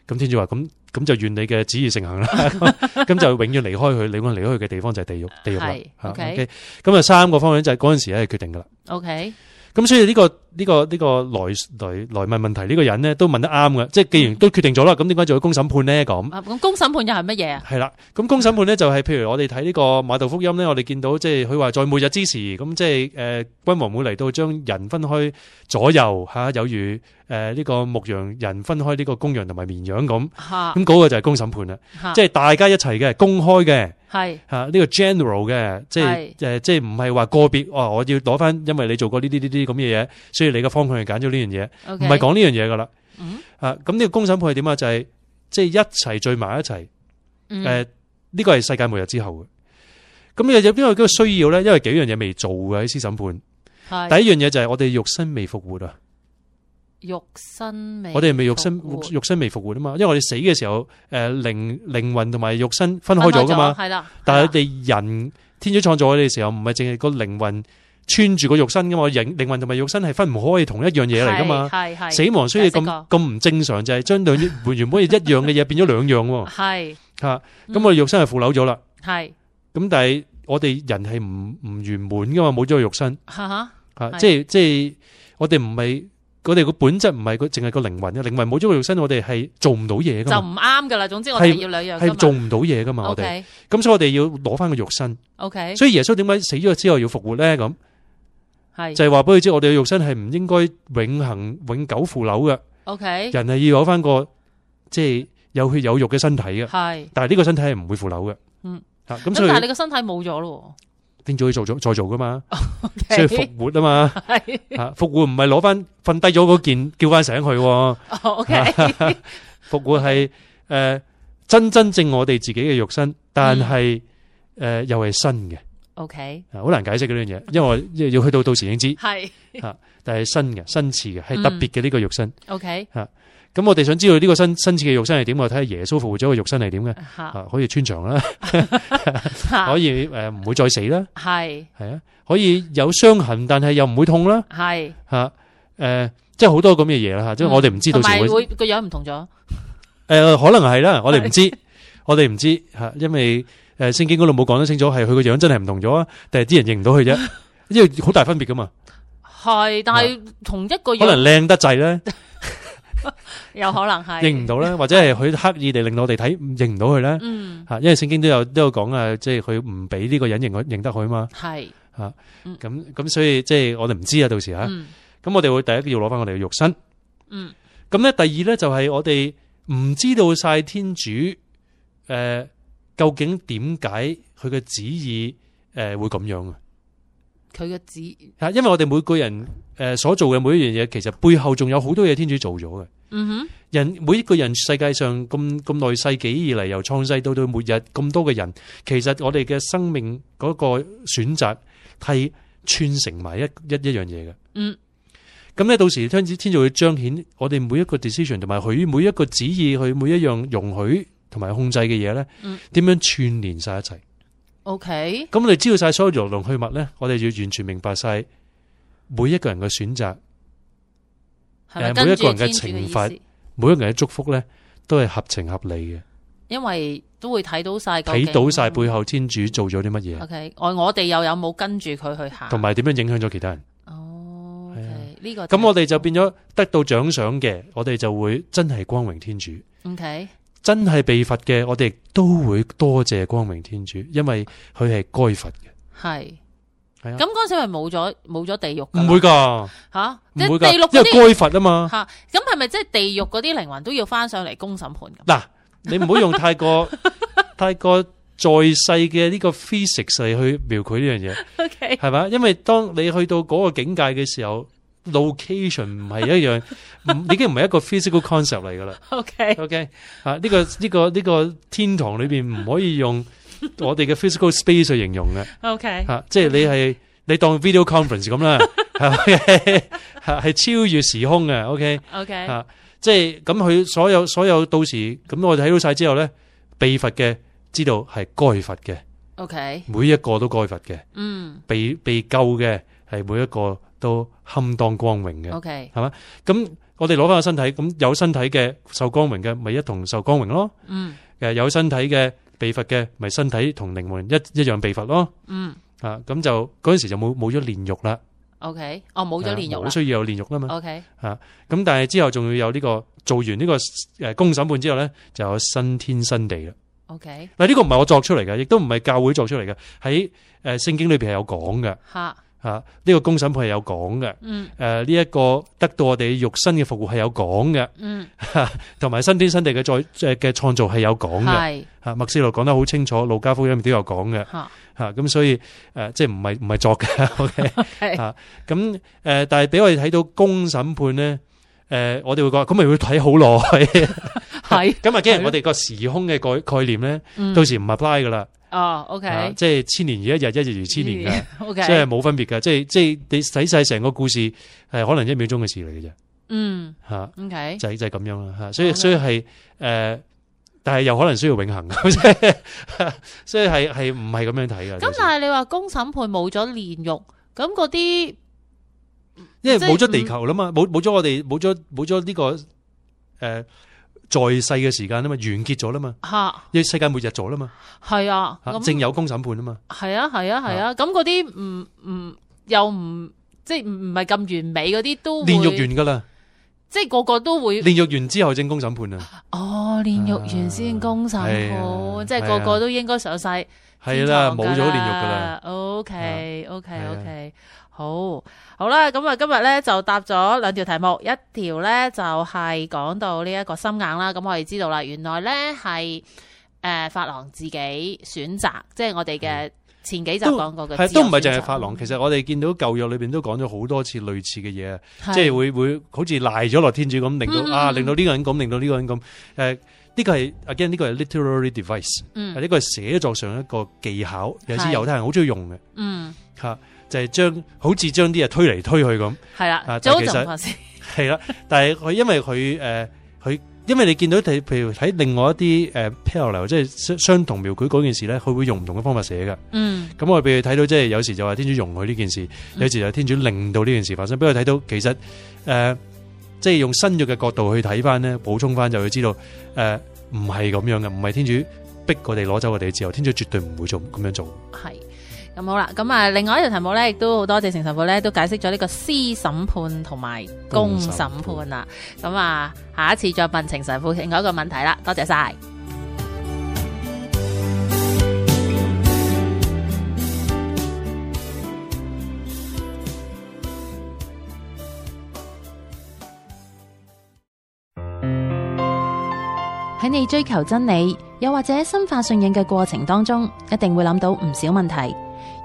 咁天主話：咁咁就願你嘅旨意成行啦。咁 就永遠離開佢，你講離開佢嘅地方就係地獄，地獄啦。OK。咁啊，okay? 就三個方向就係嗰陣時係決定噶啦。OK。咁所以呢、這個。呢個呢個來來來問問題，呢個人咧都問得啱嘅，即係既然都決定咗啦，咁點解仲要公審判咧？咁，咁公審判又係乜嘢啊？係啦，咁公審判咧就係譬如我哋睇呢個馬竇福音咧，我哋見到即係佢話在末日之時，咁即係誒君王會嚟到將人分開左右吓，有如誒呢個牧羊人分開呢個公羊同埋綿羊咁，咁嗰個就係公審判啦，即係大家一齊嘅，公開嘅，吓呢個 general 嘅，即係誒即係唔係話個別，哦我要攞翻，因為你做過呢啲呢啲咁嘅嘢。所以你嘅方向去揀咗呢樣嘢，唔係講呢樣嘢噶啦。嗯、啊，咁呢個公審判係點啊？就係即係一齊聚埋一齊。誒、嗯，呢、呃這個係世界末日之後嘅。咁又有邊個需要咧？因為幾樣嘢未做嘅喺私審判。係的第一樣嘢就係我哋肉身未復活啊。肉身未復活，我哋未肉身，肉身未復活啊嘛。因為我哋死嘅時候，誒、呃，靈靈魂同埋肉身分開咗噶嘛，係啦。是的，是的，但係我哋人天主創造我哋嘅時候，唔係淨係個靈魂。穿住個肉身噶嘛，靈靈魂同埋肉身係分唔開，同一樣嘢嚟噶嘛。係係死亡，所以咁咁唔正常，就係將兩原本係一樣嘅嘢變咗兩樣。係吓，咁我哋肉身係腐朽咗啦。係咁，但係我哋人係唔唔圓滿噶嘛，冇咗個肉身。吓吓吓，即係即係我哋唔係，我哋個本質唔係個，淨係個靈魂嘅靈魂冇咗個肉身，我哋係做唔到嘢噶，就唔啱噶啦。總之我哋要兩樣係做唔到嘢噶嘛，我哋咁所以我哋要攞翻個肉身。OK，所以耶穌點解死咗之後要復活咧？咁就係話俾佢知，我哋嘅肉身係唔應該永恒永久腐朽嘅。O K，人係要攞翻個即係有血有肉嘅身體嘅。係，但係呢個身體係唔會腐朽嘅。嗯，吓咁所以但係你個身體冇咗咯，點做去做咗再做噶嘛？即係復活啊嘛，吓復活唔係攞翻瞓低咗嗰件叫翻醒佢。O K，復活係誒真真正我哋自己嘅肉身，但係誒又係新嘅。OK，好難解釋嗰樣嘢，因為要去到到時已經知，係吓，但係新嘅新次嘅係特別嘅呢個肉身。OK，吓，咁我哋想知道呢個新新次嘅肉身係點，我睇下耶穌復活咗個肉身係點嘅，可以穿牆啦，可以誒唔會再死啦，係係啊，可以有傷痕，但係又唔會痛啦，係吓，誒，即係好多咁嘅嘢啦吓，即係我哋唔知道，到時會個樣唔同咗，誒，可能係啦，我哋唔知，我哋唔知吓，因為。誒，聖經嗰度冇講得清楚，係佢個樣真係唔同咗啊！定係啲人認唔到佢啫，因為好大分別噶嘛。係，但係同一個樣，可能靚得制咧，有可能係認唔到咧，或者係佢刻意地令到我哋睇認唔到佢咧。嗯，吓，因為聖經都有都有講啊，即係佢唔俾呢個人認我認得佢嘛。係吓，咁咁所以即係我哋唔知啊，到時啊，咁我哋會第一要攞翻我哋嘅肉身。嗯，咁咧，第二咧就係我哋唔知道晒天主誒。究竟點解佢嘅旨意誒會咁樣啊？佢嘅旨吓，因為我哋每個人誒所做嘅每一樣嘢，其實背後仲有好多嘢天主做咗嘅。嗯哼，人每一個人，世界上咁咁耐世紀以嚟，由創世到到末日咁多嘅人，其實我哋嘅生命嗰個選擇係串成埋一一一樣嘢嘅。嗯，咁咧到時天主天就會彰顯我哋每一個 decision，同埋佢每一個旨意，佢每一樣容許同埋控制嘅嘢咧，點樣串聯晒一齊？O K，咁你知道晒所有來龍去脈咧，我哋要完全明白晒每一個人嘅選擇，誒，每一個人嘅懲罰，每一個人嘅祝福咧，都係合情合理嘅。因為都會睇到晒，睇到晒背後天主做咗啲乜嘢？O K，我我哋又有冇跟住佢去行？同埋點樣影響咗其他人？哦，呢、okay 啊、個咁我哋就變咗得到獎賞嘅，我哋就會真係光榮天主。O K。真係被罰嘅，我哋都會多謝光明天主，因為佢係該罰嘅。係係是啊，咁嗰時係冇咗冇咗地獄噶，唔會噶吓，唔、啊、會噶，因為該罰啊嘛吓。咁係咪即係地獄嗰啲靈魂都要翻上嚟公審判噶？嗱、啊，你唔好用太過 太過在世嘅呢個 physics 嚟去描繪呢樣嘢，OK 係咪？因為當你去到嗰個境界嘅時候。location 唔係一樣， 已經唔係一個 physical concept 嚟噶啦。OK，OK，吓呢個呢、呢個呢、呢個天堂裏邊唔可以用我哋嘅 physical space 去形容嘅。OK，吓、啊、即係你係你當 video conference 咁、啊、啦。OK，係 超越時空嘅。OK，OK，okay? Okay .吓、啊、即係咁佢所有所有到時咁我哋睇到晒之後咧，被罰嘅知道係該罰嘅。OK，每一個都該罰嘅。嗯，被被救嘅係每一個都。堪當光榮嘅，係嘛？咁我哋攞翻個身體，咁有身體嘅受光榮嘅，咪一同受光榮咯。嗯，誒，有身體嘅被罰嘅，咪身體同靈魂一一樣被罰咯。嗯，啊，咁就嗰陣時就冇冇咗煉獄啦。OK，哦，冇咗煉獄啦。需要有煉獄噶嘛？OK，啊，咁但係之後仲要有呢個做完呢個誒公審判之後咧，就有新天新地啦。OK，嗱，呢個唔係我作出嚟嘅，亦都唔係教會作出嚟嘅，喺誒聖經裏邊係有講嘅。吓。啊！呢、這個公審判係有講嘅，誒、嗯，呢一、啊這個得到我哋肉身嘅復活係有講嘅，嗯，同埋、啊、新天新地嘅再即嘅創造係有講嘅，係，啊，麥士諾講得好清楚，路加福音都有講嘅，吓 okay、啊，咁所以誒，即係唔係唔係作嘅，OK，吓，咁誒，但係俾我哋睇到公審判咧，誒、呃，我哋會講，咁咪會睇好耐，係，咁啊，既然我哋個時空嘅概概念咧，嗯、到時唔係 apply 噶啦。哦，OK，即係千年如一日，一日如千年噶，即係冇分別噶，即係即係你睇晒成個故事，係可能一秒鐘嘅事嚟嘅啫。嗯，吓，OK，就、就係咁樣啦吓，所以 okay，所以係誒、呃，但係又可能需要永恒， 所以係係唔係咁樣睇噶。咁但係你話公審判冇咗煉獄，咁嗰啲，因為冇咗地球啦嘛，冇冇咗我哋，冇咗冇咗呢個誒。呃在世嘅時間啊嘛，完結咗啦嘛，吓，即係世界末日咗啦嘛，係啊，正有公審判啊嘛，係啊，係啊，係啊，咁嗰啲唔唔又唔即係唔唔係咁完美嗰啲都煉獄完噶啦，即係個個都會煉獄完之後正公審判啊，哦，煉獄完先公審判，即係個個都應該上晒天堂噶啦，冇咗煉獄噶啦，OK OK OK。好好啦，咁啊，今日咧就答咗兩條題目，一條咧就係、是、講到呢一個心硬啦。咁我哋知道啦，原來咧係誒法郎自己選擇，即係我哋嘅前幾集講過嘅。係都唔係淨係法郎，其實我哋見到舊約裏邊都講咗好多次類似嘅嘢，是即係會會好似賴咗落天主咁，令到、嗯、啊，令到呢個人咁，令到呢個人咁。誒、呃，呢、這個係 again 呢個係 literary device，嗯，呢、啊這個係寫作上一個技巧，尤其是猶太人好中意用嘅，嗯，吓、啊。就係將好似將啲嘢推嚟推去咁，係啦的，但其實係啦，但係佢因為佢誒，佢、 呃、因為你見到，譬如喺另外一啲誒篇即係相同描繪嗰件事咧，佢會用唔同嘅方法寫㗎。嗯，咁我哋譬如睇到即係有時就話天主容許呢件事，有時就天主令到呢件事發生。不過睇到其實誒、呃，即係用新約嘅角度去睇翻咧，補充翻就會知道誒，唔係咁樣嘅，唔係天主逼我哋攞走我哋嘅自由，天主絕對唔會做咁樣做。係。好啦，咁啊，另外一條題目咧，亦都好多謝程神父咧，都解釋咗呢個私審判同埋公審判啦。咁啊，下一次再問程神父另外一個問題啦。多謝晒喺你追求真理，又或者深化信仰嘅過程當中，一定會諗到唔少問題。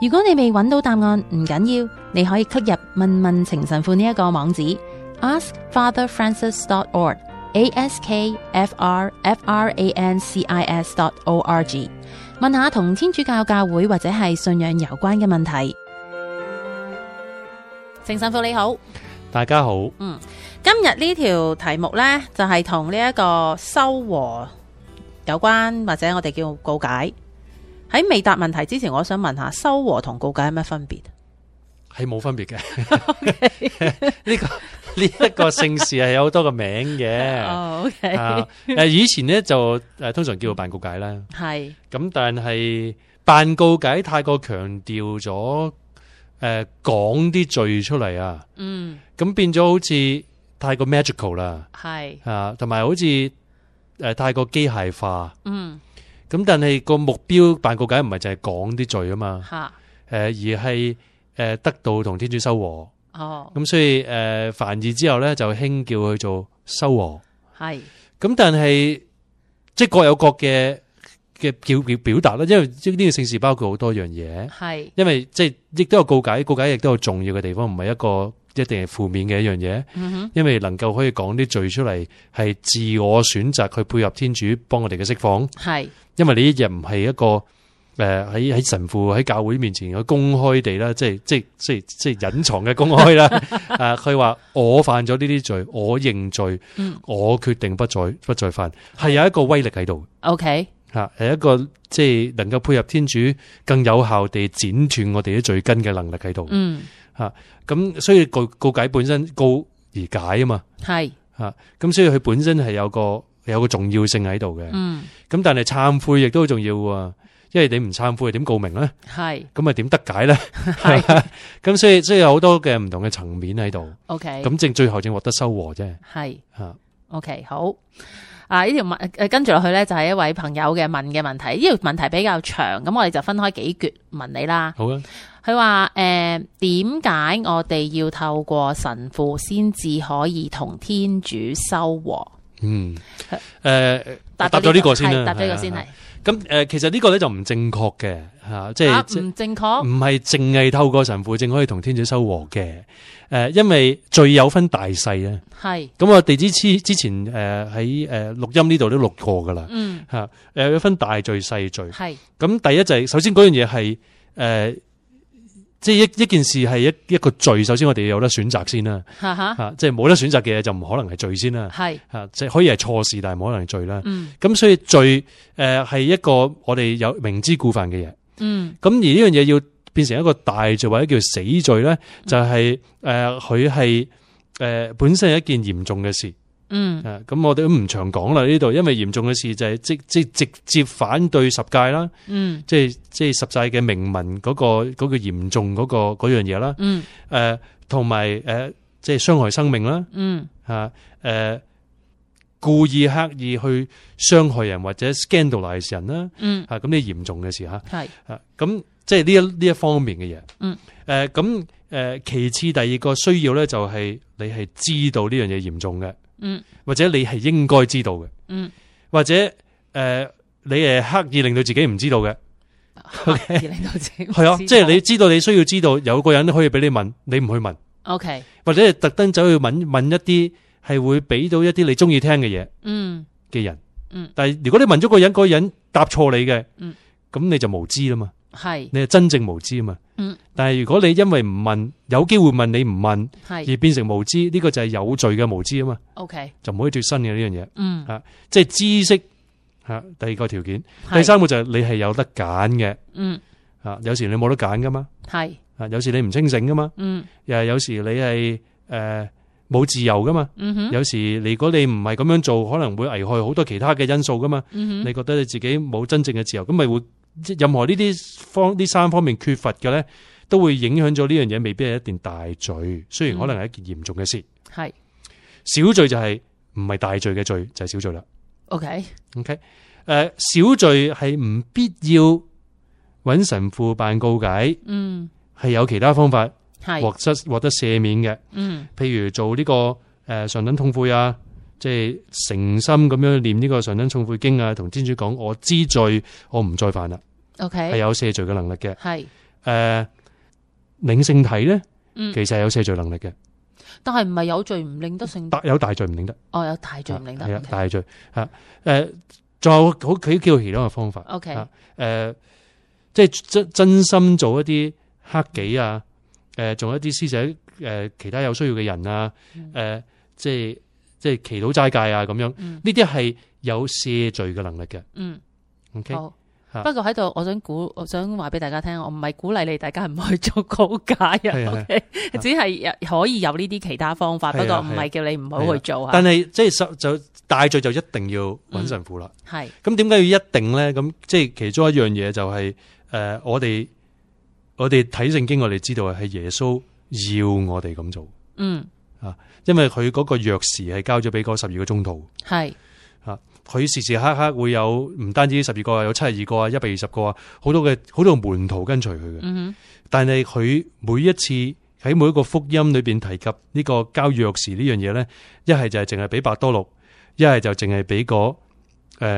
如果你未揾到答案，唔緊要，你可以 click 入問問情神父呢一個網址 askfatherfrancis.org，askf r f r a n c i s.org，問下同天主教教會或者係信仰有關嘅問題。情神父你好，大家好。嗯，今日呢條題目呢，就係同呢一個修和有關，或者我哋叫告解。喺未答問題之前，我想問下修和同告解有咩分別？係冇分別嘅，呢個呢一個聖事係有好多個名嘅。哦、oh，OK。誒、啊，以前咧就誒、啊、通常叫做辦告解啦。係是。咁但係辦告解太過強調咗，誒講啲罪出嚟啊。嗯。咁變咗好似太過 magical 啦。係。啊，同埋、嗯、好似誒太過機是、啊啊、械化。嗯。咁但係個目標辦告解唔係就係講啲罪啊嘛，誒而係誒得到同天主修和，咁所以誒梵二之後咧就興叫佢做修和，係咁但係即係各有各嘅嘅叫叫表達啦，因為呢個聖事包括好多樣嘢，係因為即係亦都有告解，告解亦都有重要嘅地方，唔係一個。一定係負面嘅一樣嘢，因為能夠可以講啲罪出嚟，係自我選擇去配合天主幫我哋嘅釋放。係是，因為呢啲嘢唔係一個誒喺喺神父喺教會面前嘅公開地啦，即係即係即係即係隱藏嘅公開啦。誒、 啊，佢話我犯咗呢啲罪，我認罪，嗯、我決定不再不再犯，係有一個威力喺度。OK。吓係一個即係能夠配合天主更有效地剪斷我哋啲罪根嘅能力喺度、嗯啊。嗯，吓咁所以告告解本身告而解嘛是 啊嘛。係吓咁所以佢本身係有個有個重要性喺度嘅。嗯，咁但係懺悔亦都好重要啊，因為你唔懺悔點告明咧？係咁啊？點得解咧？係咁是 所以所以有好多嘅唔同嘅層面喺度。O K. 咁正最後正獲得收穫啫。係吓。O、okay, K. 好。啊！呢條問誒、啊，跟住落去咧就係、是、一位朋友嘅問嘅問題。呢條問題比較長，咁、嗯、我哋就分開幾句問你啦。好啊。佢話誒，點、呃、解我哋要透過神父先至可以同天主修和？嗯，誒、呃、答、這個、答咗呢個先啦，答咗呢個先係。咁誒，其實呢個咧就唔正確嘅吓，即係唔、啊、正確，唔係淨係透過神父正可以同天主修和嘅。誒，因為罪有分大細咧，係咁我地之之前誒喺誒錄音呢度都錄過噶啦，嗯吓，誒有分大罪細罪，係咁是第一就係、是、首先嗰樣嘢係誒。呃即係一一件事係一一個罪，首先我哋要有得選擇先啦，吓吓，即係冇得選擇嘅嘢就唔可能係罪先啦，係吓是，即係可以係錯事，但係冇可能係罪啦。咁、嗯、所以罪誒係、呃、一個我哋有明知故犯嘅嘢，嗯，咁而呢樣嘢要變成一個大罪或者叫死罪咧，就係誒佢係誒本身係一件嚴重嘅事。嗯，誒、啊，咁我哋都唔長講啦呢度，因為嚴重嘅事就係即即直接反對十戒啦，嗯，即即十戒嘅明文嗰個嗰、那個嚴重嗰、那個嗰樣嘢啦，嗯，誒、啊，同埋誒，即傷害生命啦，嗯，吓、啊，誒、呃，故意刻意去傷害人或者 scandalize 人啦，嗯，吓、啊，咁呢，嚴重嘅事吓，係、啊，咁即呢一呢一方面嘅嘢，嗯，誒、啊，咁誒、呃，其次第二個需要咧就係你係知道呢樣嘢嚴重嘅。嗯，或者你係應該知道嘅，嗯，或者誒、呃，你係刻意令到自己唔知道嘅，刻意、啊 okay? 啊、令到自己係 啊，即係你知道你需要知道有個人可以俾你問，你唔去問，ok，或者係特登走去問問一啲係會俾到一啲你中意聽嘅嘢，嗯嘅人，嗯，但係如果你問咗個人，個人答錯你嘅，嗯，咁你就無知啦嘛。係你係真正無知嘛？嗯，但係如果你因為唔問，有機會問你唔問係而變成無知，呢個就係有罪嘅無知啊嘛。OK，就唔可以脫身嘅呢樣嘢，嗯啊，即係知識吓。第二個條件，第三個就係你係有得揀嘅。嗯啊，有時你冇得揀噶嘛。係啊，有時你唔清醒噶嘛。嗯，又有時你係誒冇自由噶嘛。嗯哼，有時如果你唔係咁樣做，可能會危害好多其他嘅因素噶嘛。嗯哼，你覺得你自己冇真正嘅自由，咁咪會？即任何呢啲方呢三方面缺乏嘅咧，都會影響咗呢樣嘢，未必係一件大罪，雖然可能係一件嚴重嘅事。係、嗯、小罪就係唔係大罪嘅罪就係、是、小罪啦。OK OK，誒、呃，小罪係唔必要揾神父辦告解。嗯，係有其他方法係獲得是獲得赦免嘅。嗯，譬如做呢、這個誒、呃、上等痛悔啊。即係誠心咁樣念呢個《上等痛悔經》啊，同天主講我知罪，我唔再犯啦。OK，係有赦罪嘅能力嘅。係誒是、呃，領聖體咧，嗯、其實係有赦罪能力嘅。但係唔係有罪唔領得聖。有大罪唔領得。哦，有大罪唔領得，係大罪吓。誒 Okay.、呃，仲有好幾個其他嘅方法。OK，誒、呃，即係真真心做一啲克己啊，誒、呃，做一啲施捨，誒、呃，其他有需要嘅人啊，誒、呃，即係。即係祈禱齋戒啊，咁樣呢啲係有赦罪嘅能力嘅。嗯，OK。好，不過喺度，我想鼓，我想話俾大家聽，我唔係鼓勵你，大家唔去做告解啊。的 OK，只係可以有呢啲其他方法，是的不過唔係叫你唔好去做。啊。但係即係就大罪就一定要揾神父啦。係、嗯。咁點解要一定咧？咁即係其中一樣嘢就係、是、誒、呃，我哋我哋睇聖經，我哋知道係耶穌要我哋咁做。嗯。啊，因為佢嗰個鑰匙係交咗俾嗰十二個宗徒，係啊，佢時時刻刻會有唔單止十二個啊，有七十二個啊，一百二十個啊，好多嘅好多門徒跟隨佢嘅。嗯、哼 但係佢每一次喺每一個福音裏邊提及呢個交鑰匙，那個，呢樣嘢咧，一係就係淨係俾伯多祿，一係就淨係俾個誒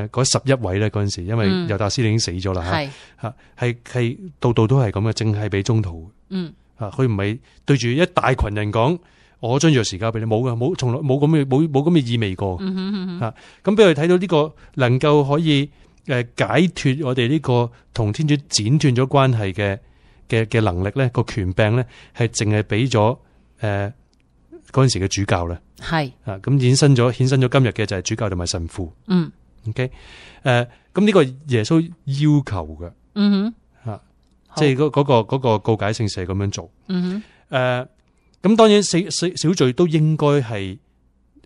嗰十一位咧嗰陣時，因為猶達斯已經死咗啦，係吓係係度度都係咁嘅，淨係俾宗徒。嗯啊，佢唔係對住一大群人講。我將呢個時間俾你，冇噶，冇，從來冇咁嘅，冇冇咁嘅意味過。吓，咁俾佢睇到呢個能夠可以誒解脫我哋呢個同天主剪斷咗關係嘅嘅嘅能力咧，個權柄咧係淨係俾咗誒嗰陣時嘅主教咧。係啊，咁衍生咗，衍生咗今日嘅就係主教同埋神父。嗯，OK，誒，咁呢個耶穌要求嘅。嗯，吓，即係嗰嗰個嗰個告解聖事咁樣做。嗯，誒。咁當然，小小小罪，都應該係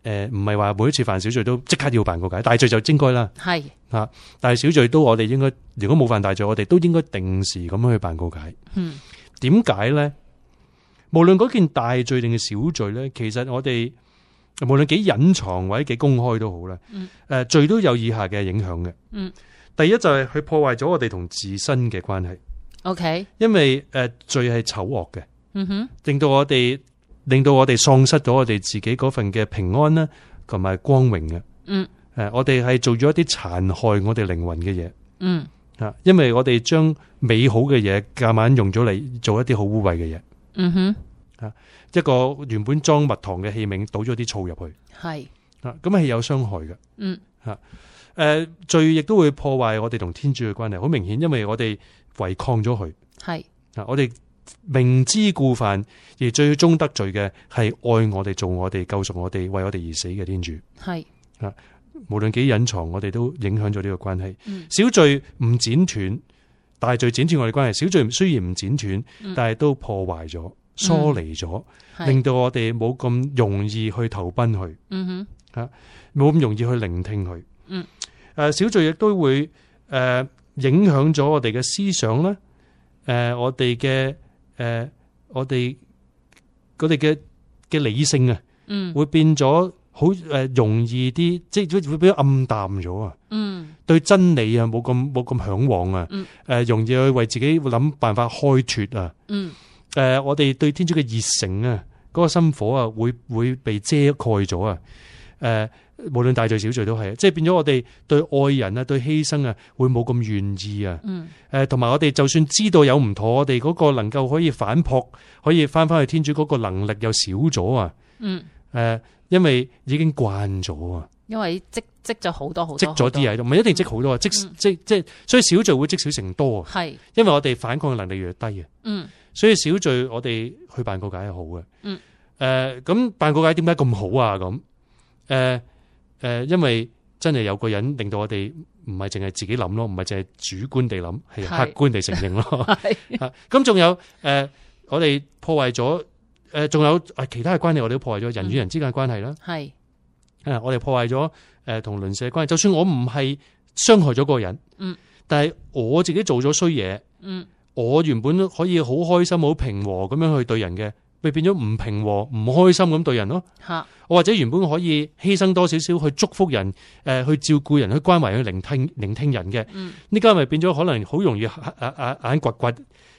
誒，唔係話每一次犯小罪都即刻要辦告解，大罪就應該啦。係吓是、啊，但係小罪都我哋應該，如果冇犯大罪，我哋都應該定時咁樣去辦告解。嗯，點解咧？無論嗰件大罪定係小罪咧，其實我哋無論幾隱藏或者幾公開都好啦。嗯，誒、呃，罪都有以下嘅影響嘅。嗯，第一就係佢破壞咗我哋同自身嘅關係。O Okay K，因為誒、呃、罪係醜惡嘅。嗯哼令，令到我哋，令到我哋喪失咗我哋自己嗰份嘅平安啦，同埋光榮嘅。嗯，誒、啊，我哋係做咗一啲殘害我哋靈魂嘅嘢。嗯啊，因為我哋將美好嘅嘢夾硬用咗嚟做一啲好污穢嘅嘢。嗯哼，啊，一個原本裝蜜糖嘅器皿倒咗啲醋入去，係是啊，咁係有傷害嘅。嗯啊，誒、啊，罪亦都會破壞我哋同天主嘅關係，好明顯，因為我哋違抗咗佢。係是啊，我哋，明知故犯而最終得罪嘅係愛我哋、做我哋、救贖我哋、為我哋而死嘅天主。係啊，無論幾隱藏，我哋都影響咗呢個關係。小罪唔剪斷，大罪剪斷我哋關係。小罪雖然唔剪斷，但係都破壞咗、疏離咗，令到我哋冇咁容易去投奔佢，嗯哼，吓冇咁容易去聆聽佢。嗯，誒，小罪亦都會誒影響咗我哋嘅思想啦，誒，我哋嘅。誒、呃，我哋哋嘅嘅理性啊，會變很容易，嗯，會變咗好誒容易啲，即係會會變暗淡咗啊，嗯，對真理啊冇咁冇咁向往啊，誒、嗯呃、容易去為自己諗辦法開脫啊，嗯，誒、呃、我哋對天主嘅熱誠啊，嗰、嗰個心火啊會會被遮蓋咗啊，誒、呃。無論大罪小罪都係，即係變咗我哋對愛人啊、對犧牲啊，會冇咁願意啊。嗯。誒、呃，同埋我哋就算知道有唔妥，我哋嗰個能夠可以反撲，可以翻翻去天主嗰個能力又少咗啊。嗯。誒、呃，因為已經慣咗啊。因為積積咗好多，好，積咗啲嘢，唔係一定積好多啊。積積即係，所以小罪會積少成多啊。係。因為我哋反抗嘅能力越低啊。嗯。所以小罪我哋去辦告解係好嘅。嗯。誒、呃，咁辦告解點解咁好啊？咁、呃，誒。誒，因為真係有個人令到我哋唔係淨係自己諗咯，唔係淨係主觀地諗，係客觀地承認咯。咁仲是 有誒、呃，我哋破壞咗誒，仲、呃、有、啊、其他嘅關係、嗯啊，我哋都破壞咗人與人之間嘅關係啦。係，我哋破壞咗誒同鄰舍嘅關係。就算我唔係傷害咗個人，嗯，但係我自己做咗衰嘢，嗯，我原本可以好開心、好平和咁樣去對人嘅。咪變咗唔平和、唔開心咁對人咯。嚇！我或者原本可以犧牲多少少去祝福人、誒、呃、去照顧人、去關懷、去聆聽聆聽人嘅。嗯，呢家咪變咗可能好容易、啊啊啊、眼眼眼骨骨、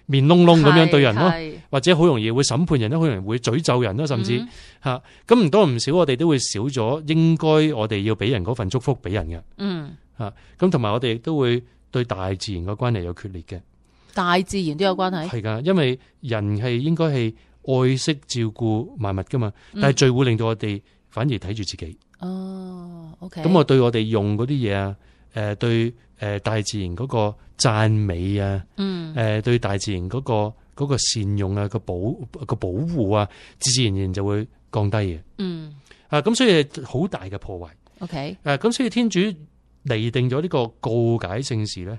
面窿窿咁樣對人咯、啊。或者好容易會審判人啦、啊，好容易會嘴咒詛咒人啦、啊，甚至嚇咁唔多唔少，我哋都會少咗應該我哋要俾人嗰份祝福俾人嘅、啊。嗯、啊。嚇！咁同埋我哋亦都會對大自然嘅關係有決裂嘅。大自然都有關係。係噶，因為人係應該係。愛惜照顧萬物噶嘛，但係罪會令到我哋反而睇住自己。哦，OK。咁我對我哋用嗰啲嘢啊，誒對誒大自然嗰個讚美啊，嗯，誒對大自然嗰個嗰、嗯、個善用啊、那個保、那個保護啊，自自然而然就會降低嘅。嗯，啊咁所以好大嘅破壞。OK。誒咁、啊、所以天主擬定咗呢個告解聖事咧，誒、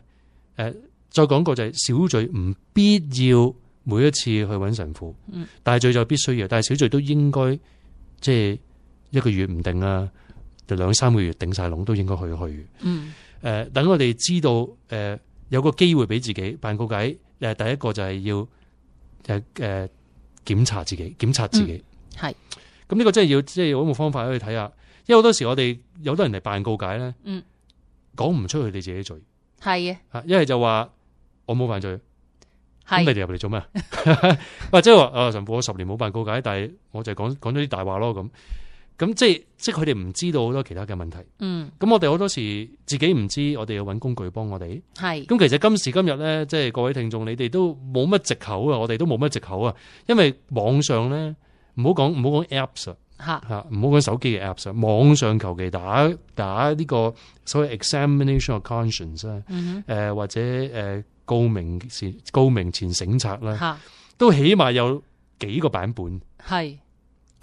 啊、再講過就係小罪唔必要。每一次去揾神父，大罪就必須要。但係小罪都應該即係一個月唔定啊，就兩三個月頂晒籠都應該去去。嗯，誒、呃，等我哋知道，誒、呃，有個機會俾自己辦告解。誒、呃，第一個就係要，誒、呃、誒，檢查自己，檢查自己。係、嗯，咁呢個真係要，即、就、係、是、有冇方法可以睇下？因為好多時我哋有好多人嚟辦告解咧，嗯，講唔出佢哋自己的罪，係啊的，一係就話我冇犯罪。咁是 你哋入嚟做咩？唔即係話，誒、哦，神父我十年冇辦告解，但係我就講講咗啲大話咯。咁咁即係即係佢哋唔知道好多其他嘅問題。嗯，咁我哋好多時自己唔知，我哋要揾工具幫我哋。係。咁其實今時今日咧，即係各位聽眾，你哋都冇乜藉口啊！我哋都冇乜藉口啊！因為網上咧，唔好講唔好講 apps 吓吓，唔好講手機嘅 apps。網上求其打打呢個所謂 examination of conscience 啊、嗯哼 呃，誒或者誒。呃高明前高明前省察啦，都起碼有幾個版本，係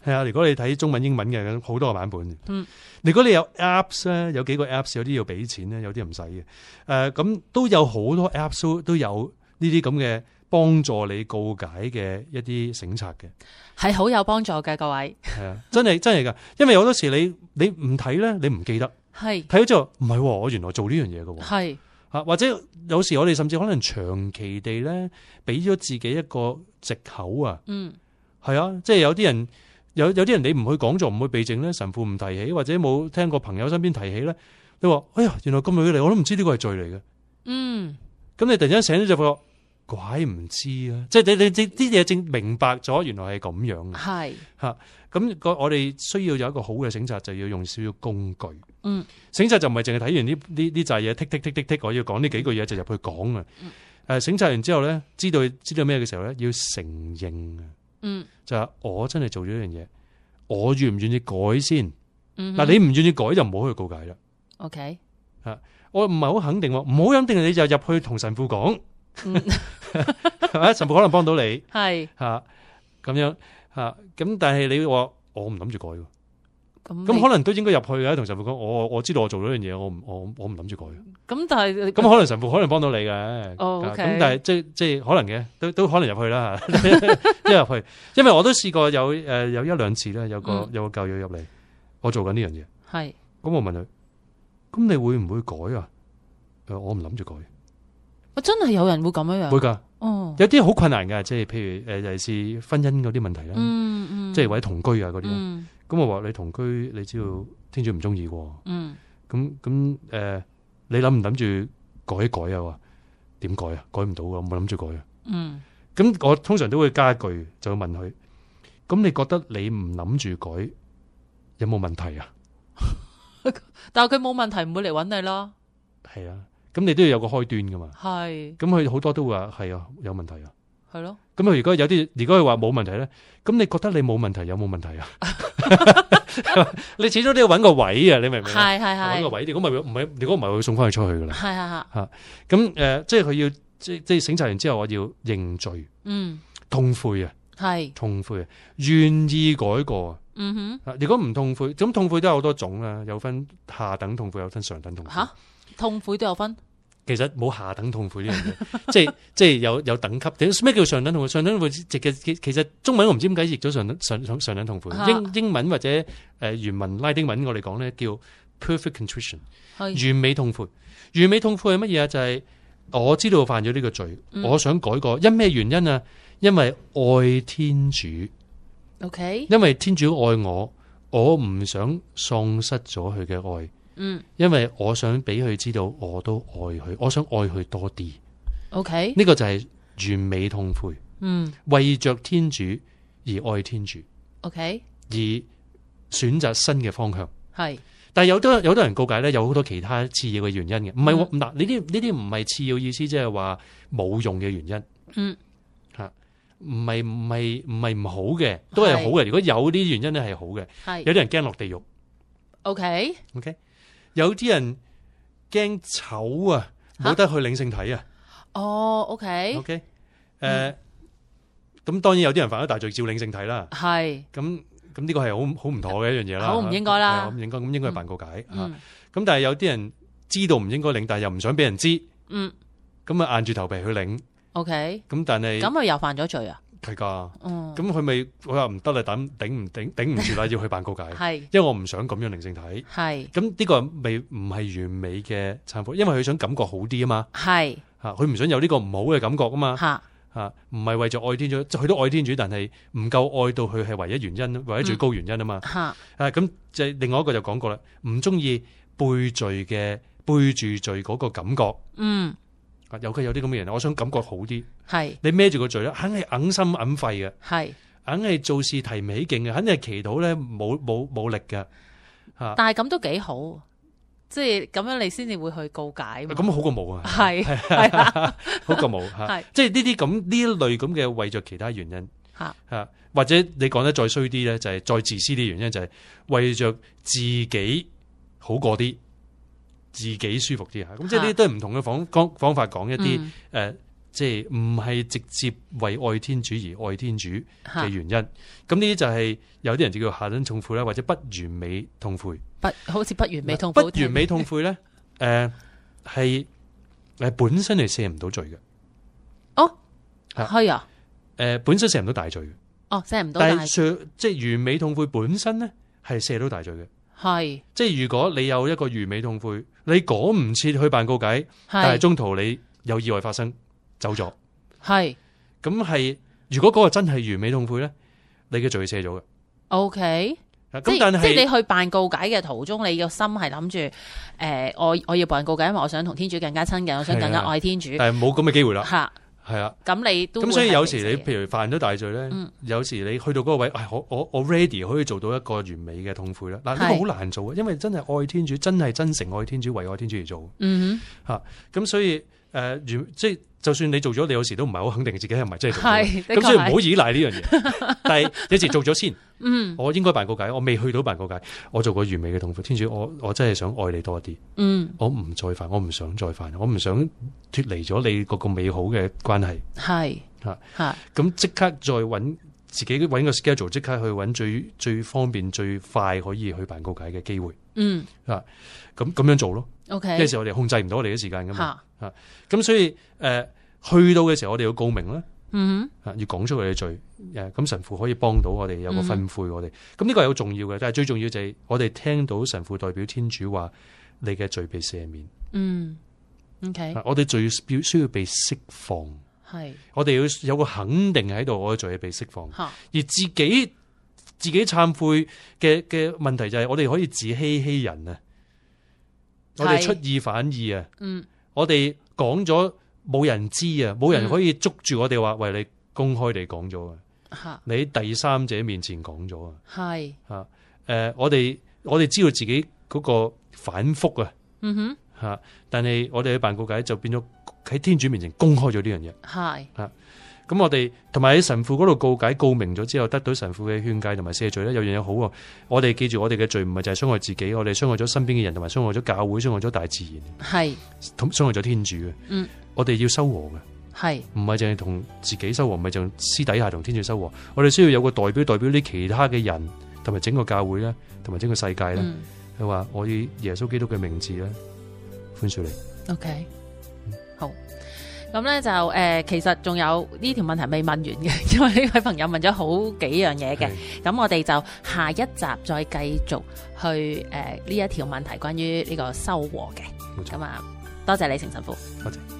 係啊，啊！如果你睇中文英文嘅，有好多個版本。嗯，如果你有 apps 咧，有幾個 apps，有啲要俾錢咧，有啲唔使嘅。誒、啊，咁都有好多 apps 都有呢啲咁嘅幫助你告解嘅一啲省察嘅，係好有幫助嘅，各位係啊！真係真係㗎，因為好多時你你唔睇咧，你唔記得，係睇咗之後唔係、啊，我原來做呢樣嘢嘅，係。啊，或者有時我哋甚至可能長期地咧，俾咗自己一個藉口啊，嗯，係啊，即係有啲人有有啲人你唔去講座，唔去備證咧，神父唔提起，或者冇聽過朋友身邊提起咧，你話，哎呀，原來咁樣嚟，我都唔知呢個係罪嚟嘅，嗯，咁你突然間醒咗就話。怪唔知啊！即係你你啲嘢正明白咗，原來係咁樣嘅、啊。係吓咁，啊、我我哋需要有一個好嘅省察，就要用少少工具。嗯，省察就唔係淨係睇完呢呢呢陣嘢，剔，剔剔剔剔剔。我要講呢幾句嘢就入去講啊。誒、嗯，省、啊、完之後咧，知道知道咩嘅時候咧，要承認啊。嗯，就係我真係做咗一樣嘢，我願唔願意改先。嗯哼，嗱、啊，你唔願意改就唔好去告解啦。OK，吓、啊，我唔係好肯定，唔好肯定你就入去同神父講。嗯， 神父可能幫到你，係吓咁樣吓咁，但係你話我唔諗住改，咁咁你可能都應該入去嘅。同神父講，我我知道我做咗一樣嘢，我唔我我唔諗住改，咁但係咁可能神父可能幫到你嘅，咁、哦 okay、但係即即可能嘅，都都可能入去啦，一入去，因為我都試過有誒有一兩次咧，有個有個教友入嚟，我做緊呢樣嘢，係是，咁我問佢，咁你會唔會改啊？我唔諗住改。啊、真係有人會咁樣樣，會噶，有啲好困難㗎，即係譬如誒，尤其是婚姻嗰啲問題啦，即係、嗯嗯、或者同居啊嗰啲，咁、嗯、我話你同居，你知道天主唔中意喎。咁咁誒，你諗唔諗住改一改啊？點改啊？改唔到啊，冇諗住改啊，咁、嗯、我通常都會加一句，就會問佢，咁你覺得你唔諗住改有冇問題啊？ 但係佢冇問題，唔會嚟搵你咯，係啊。咁你都要有個開端噶嘛？係。咁佢好多都會話，係啊，有問題啊。係咯。咁佢如果有啲，如果佢話冇問題咧，咁你覺得你冇問題有冇問題啊？你始終都要揾個位啊，你明唔明？係係係。揾個位啲，咁咪唔係？如果唔係，會送翻佢出去噶啦。係啊。吓，咁誒，即係佢要，即係即係省察完之後，我要認罪。嗯。痛悔啊。係。痛悔啊，願意改過啊。嗯哼。如果唔痛悔，咁痛悔都有好多種啦，有分下等痛悔，有分上等痛悔。痛悔都有分，其實冇下等痛悔呢樣嘢，即係即係有有等級。咩叫上等痛悔？上等痛悔，其其實中文我唔知點解譯咗上等上上等痛悔。的英英文或者誒、呃、原文拉丁文我哋講呢叫 perfect contrition，的完美痛悔。完美痛悔係乜嘢啊？就係、是、我知道犯咗呢個罪，嗯、我想改過。因咩原因啊？因為愛天主。OK，因為天主愛我，我唔想喪失咗佢嘅愛。嗯，因為我想俾佢知道，我都愛佢，我想愛佢多啲。OK，呢個就係完美痛悔。嗯，為着天主而愛天主。OK，而選擇新嘅方向。係，但係有多有多人告解咧，有好多其他次要嘅原因嘅，唔係嗱，呢啲呢啲唔係次要意思，即係話冇用嘅原因。嗯，吓，唔係唔係唔係唔好嘅，都係好嘅。如果有啲原因咧係好嘅，係有啲人驚落地獄。OK，OK。有啲人驚醜啊，冇得去領聖體啊。哦，OK，OK，誒，咁當然有啲人犯咗大罪，照領聖體是、嗯、啦。係、啊，咁咁呢個係好好唔妥嘅一樣嘢啦。好唔應該啦，咁應該咁應該係辦告解、嗯、啊。咁但係有啲人知道唔應該領，但係又唔想俾人知。嗯，咁啊，硬住頭皮去領。OK，咁但係咁佢又犯咗罪啊。係噶，咁佢咪佢又唔得啦，頂頂唔頂頂唔住啦，要去辦告解。係，因為我唔想咁樣靈性睇。係，咁呢個未唔係完美嘅懺悔，因為佢想感覺好啲啊嘛。係是，吓佢唔想有呢個唔好嘅感覺啊嘛。吓是，吓唔係為咗愛天主，佢都愛天主，但係唔夠愛到佢係唯一原因，唯一最高原因啊嘛。吓、嗯，誒咁、啊、就係另外一個就講過啦，唔中意背罪嘅背住罪嗰個感覺。嗯。尤其有啲咁嘅人，我想感覺好啲。是你孭住個罪，肯定揞心揞肺嘅。是肯定做事提唔起勁嘅，肯定係祈禱咧冇冇冇力嘅。嚇！但係咁都幾好，即係咁樣你先至會去告解。咁好過冇啊！ 好過冇的的即係呢啲咁呢一類咁嘅為着其他原因的或者你講得再衰啲咧，就係、是、再自私啲原因，就係為着自己好過啲。自己舒服啲啊！咁即係呢啲都係唔同嘅方講方法，是方法講一啲誒、嗯呃，即係唔係直接為愛天主而愛天主嘅原因。咁呢啲就係有啲人就叫下等痛悔，咧，或者不完美痛悔。不，好似不完美痛苦不完美痛悔咧？誒、 呃，係誒本身係赦唔到罪嘅。哦，係啊。誒，本身赦唔到，、哦啊呃、到大罪嘅。哦，赦唔到大罪即係完美痛悔本身咧，係赦到大罪嘅。係，是即係如果你有一個完美痛悔，你趕唔切去辦告解，是但係中途你有意外發生走咗，係是，咁係，如果嗰個真係完美痛悔咧，你嘅罪卸咗嘅。OK，咁但係是即係你去辦告解嘅途中，你個心係諗住，誒、呃，我我要辦告解，因為我想同天主更加親近，我想更加愛天主，誒，但係冇咁嘅機會啦。係咁、啊、你都咁，所以有時你譬如犯咗大罪咧，嗯、有時你去到嗰個位，係、哎、我我我 ready 可以做到一個完美嘅痛悔啦。嗱是，呢個好難做啊，因為真係愛天主，真係真誠愛天主，為愛天主而做。嗯咁哼、啊、所以。誒，即係、呃、就算你做咗，你有時都唔係好肯定自己係咪真係做咁，所以唔好依賴呢樣嘢。 但係一時做咗先， 嗯，我應該辦告解，我未去到辦告解，我做過完美嘅痛苦。天主，我我真係想愛你多啲，嗯我，我唔再犯，我唔想再犯，我唔想脫離咗你個咁美好嘅關係，係吓咁即刻再揾自己揾個 schedule，即刻去揾最最方便最快可以去辦告解嘅機會，嗯咁咁、啊、樣做咯。OK，有時我哋控制唔到我哋嘅時間噶嘛。啊，咁所以誒、呃、去到嘅時候，我哋要告明啦，嗯哼啊，啊要講出佢嘅罪，誒咁神父可以幫到我哋有個分配我哋，咁呢、嗯哼啊、個係好重要嘅，但係最重要就係我哋聽到神父代表天主話你嘅罪被赦免，嗯，OK，啊、我哋罪要需要被釋放，係是，我哋要有個肯定喺度，我嘅罪要被釋放，哈而自己自己懺悔嘅嘅問題就係我哋可以自欺欺人啊，是我哋出意反意啊，嗯。我哋講咗冇人知啊，冇人可以捉住我哋話，喂、嗯、你公開地講咗啊，嗯、你第三者面前講咗是啊，係吓，誒，我哋我哋知道自己嗰個反覆、嗯、哼啊，嗯哼吓，但係我哋喺辦告解就變咗喺天主面前公開咗呢樣嘢，係是、啊咁我哋同埋喺神父嗰度告解告明咗之後，得到神父嘅勸誡同埋赦罪咧，有樣嘢好喎，我哋記住我哋嘅罪唔係就係傷害自己，我哋傷害咗身邊嘅人，同埋傷害咗教會，傷害咗大自然，係同傷害咗天主嘅。嗯，我哋要修和嘅係唔係淨係同自己修和，唔係淨係私底下同天主修和。我哋需要有個代表，代表啲其他嘅人同埋整個教會咧，同埋整個世界咧，佢話、嗯、我以耶穌基督嘅名字咧，寬恕你。OK。咁咧就誒、呃，其實仲有呢條問題未問完嘅，因為呢位朋友問咗好幾樣嘢嘅，咁是的 我哋就下一集再繼續去誒呢、呃、一條問題關於呢個收穫嘅。咁啊沒錯，多謝你，成神父。多謝，謝。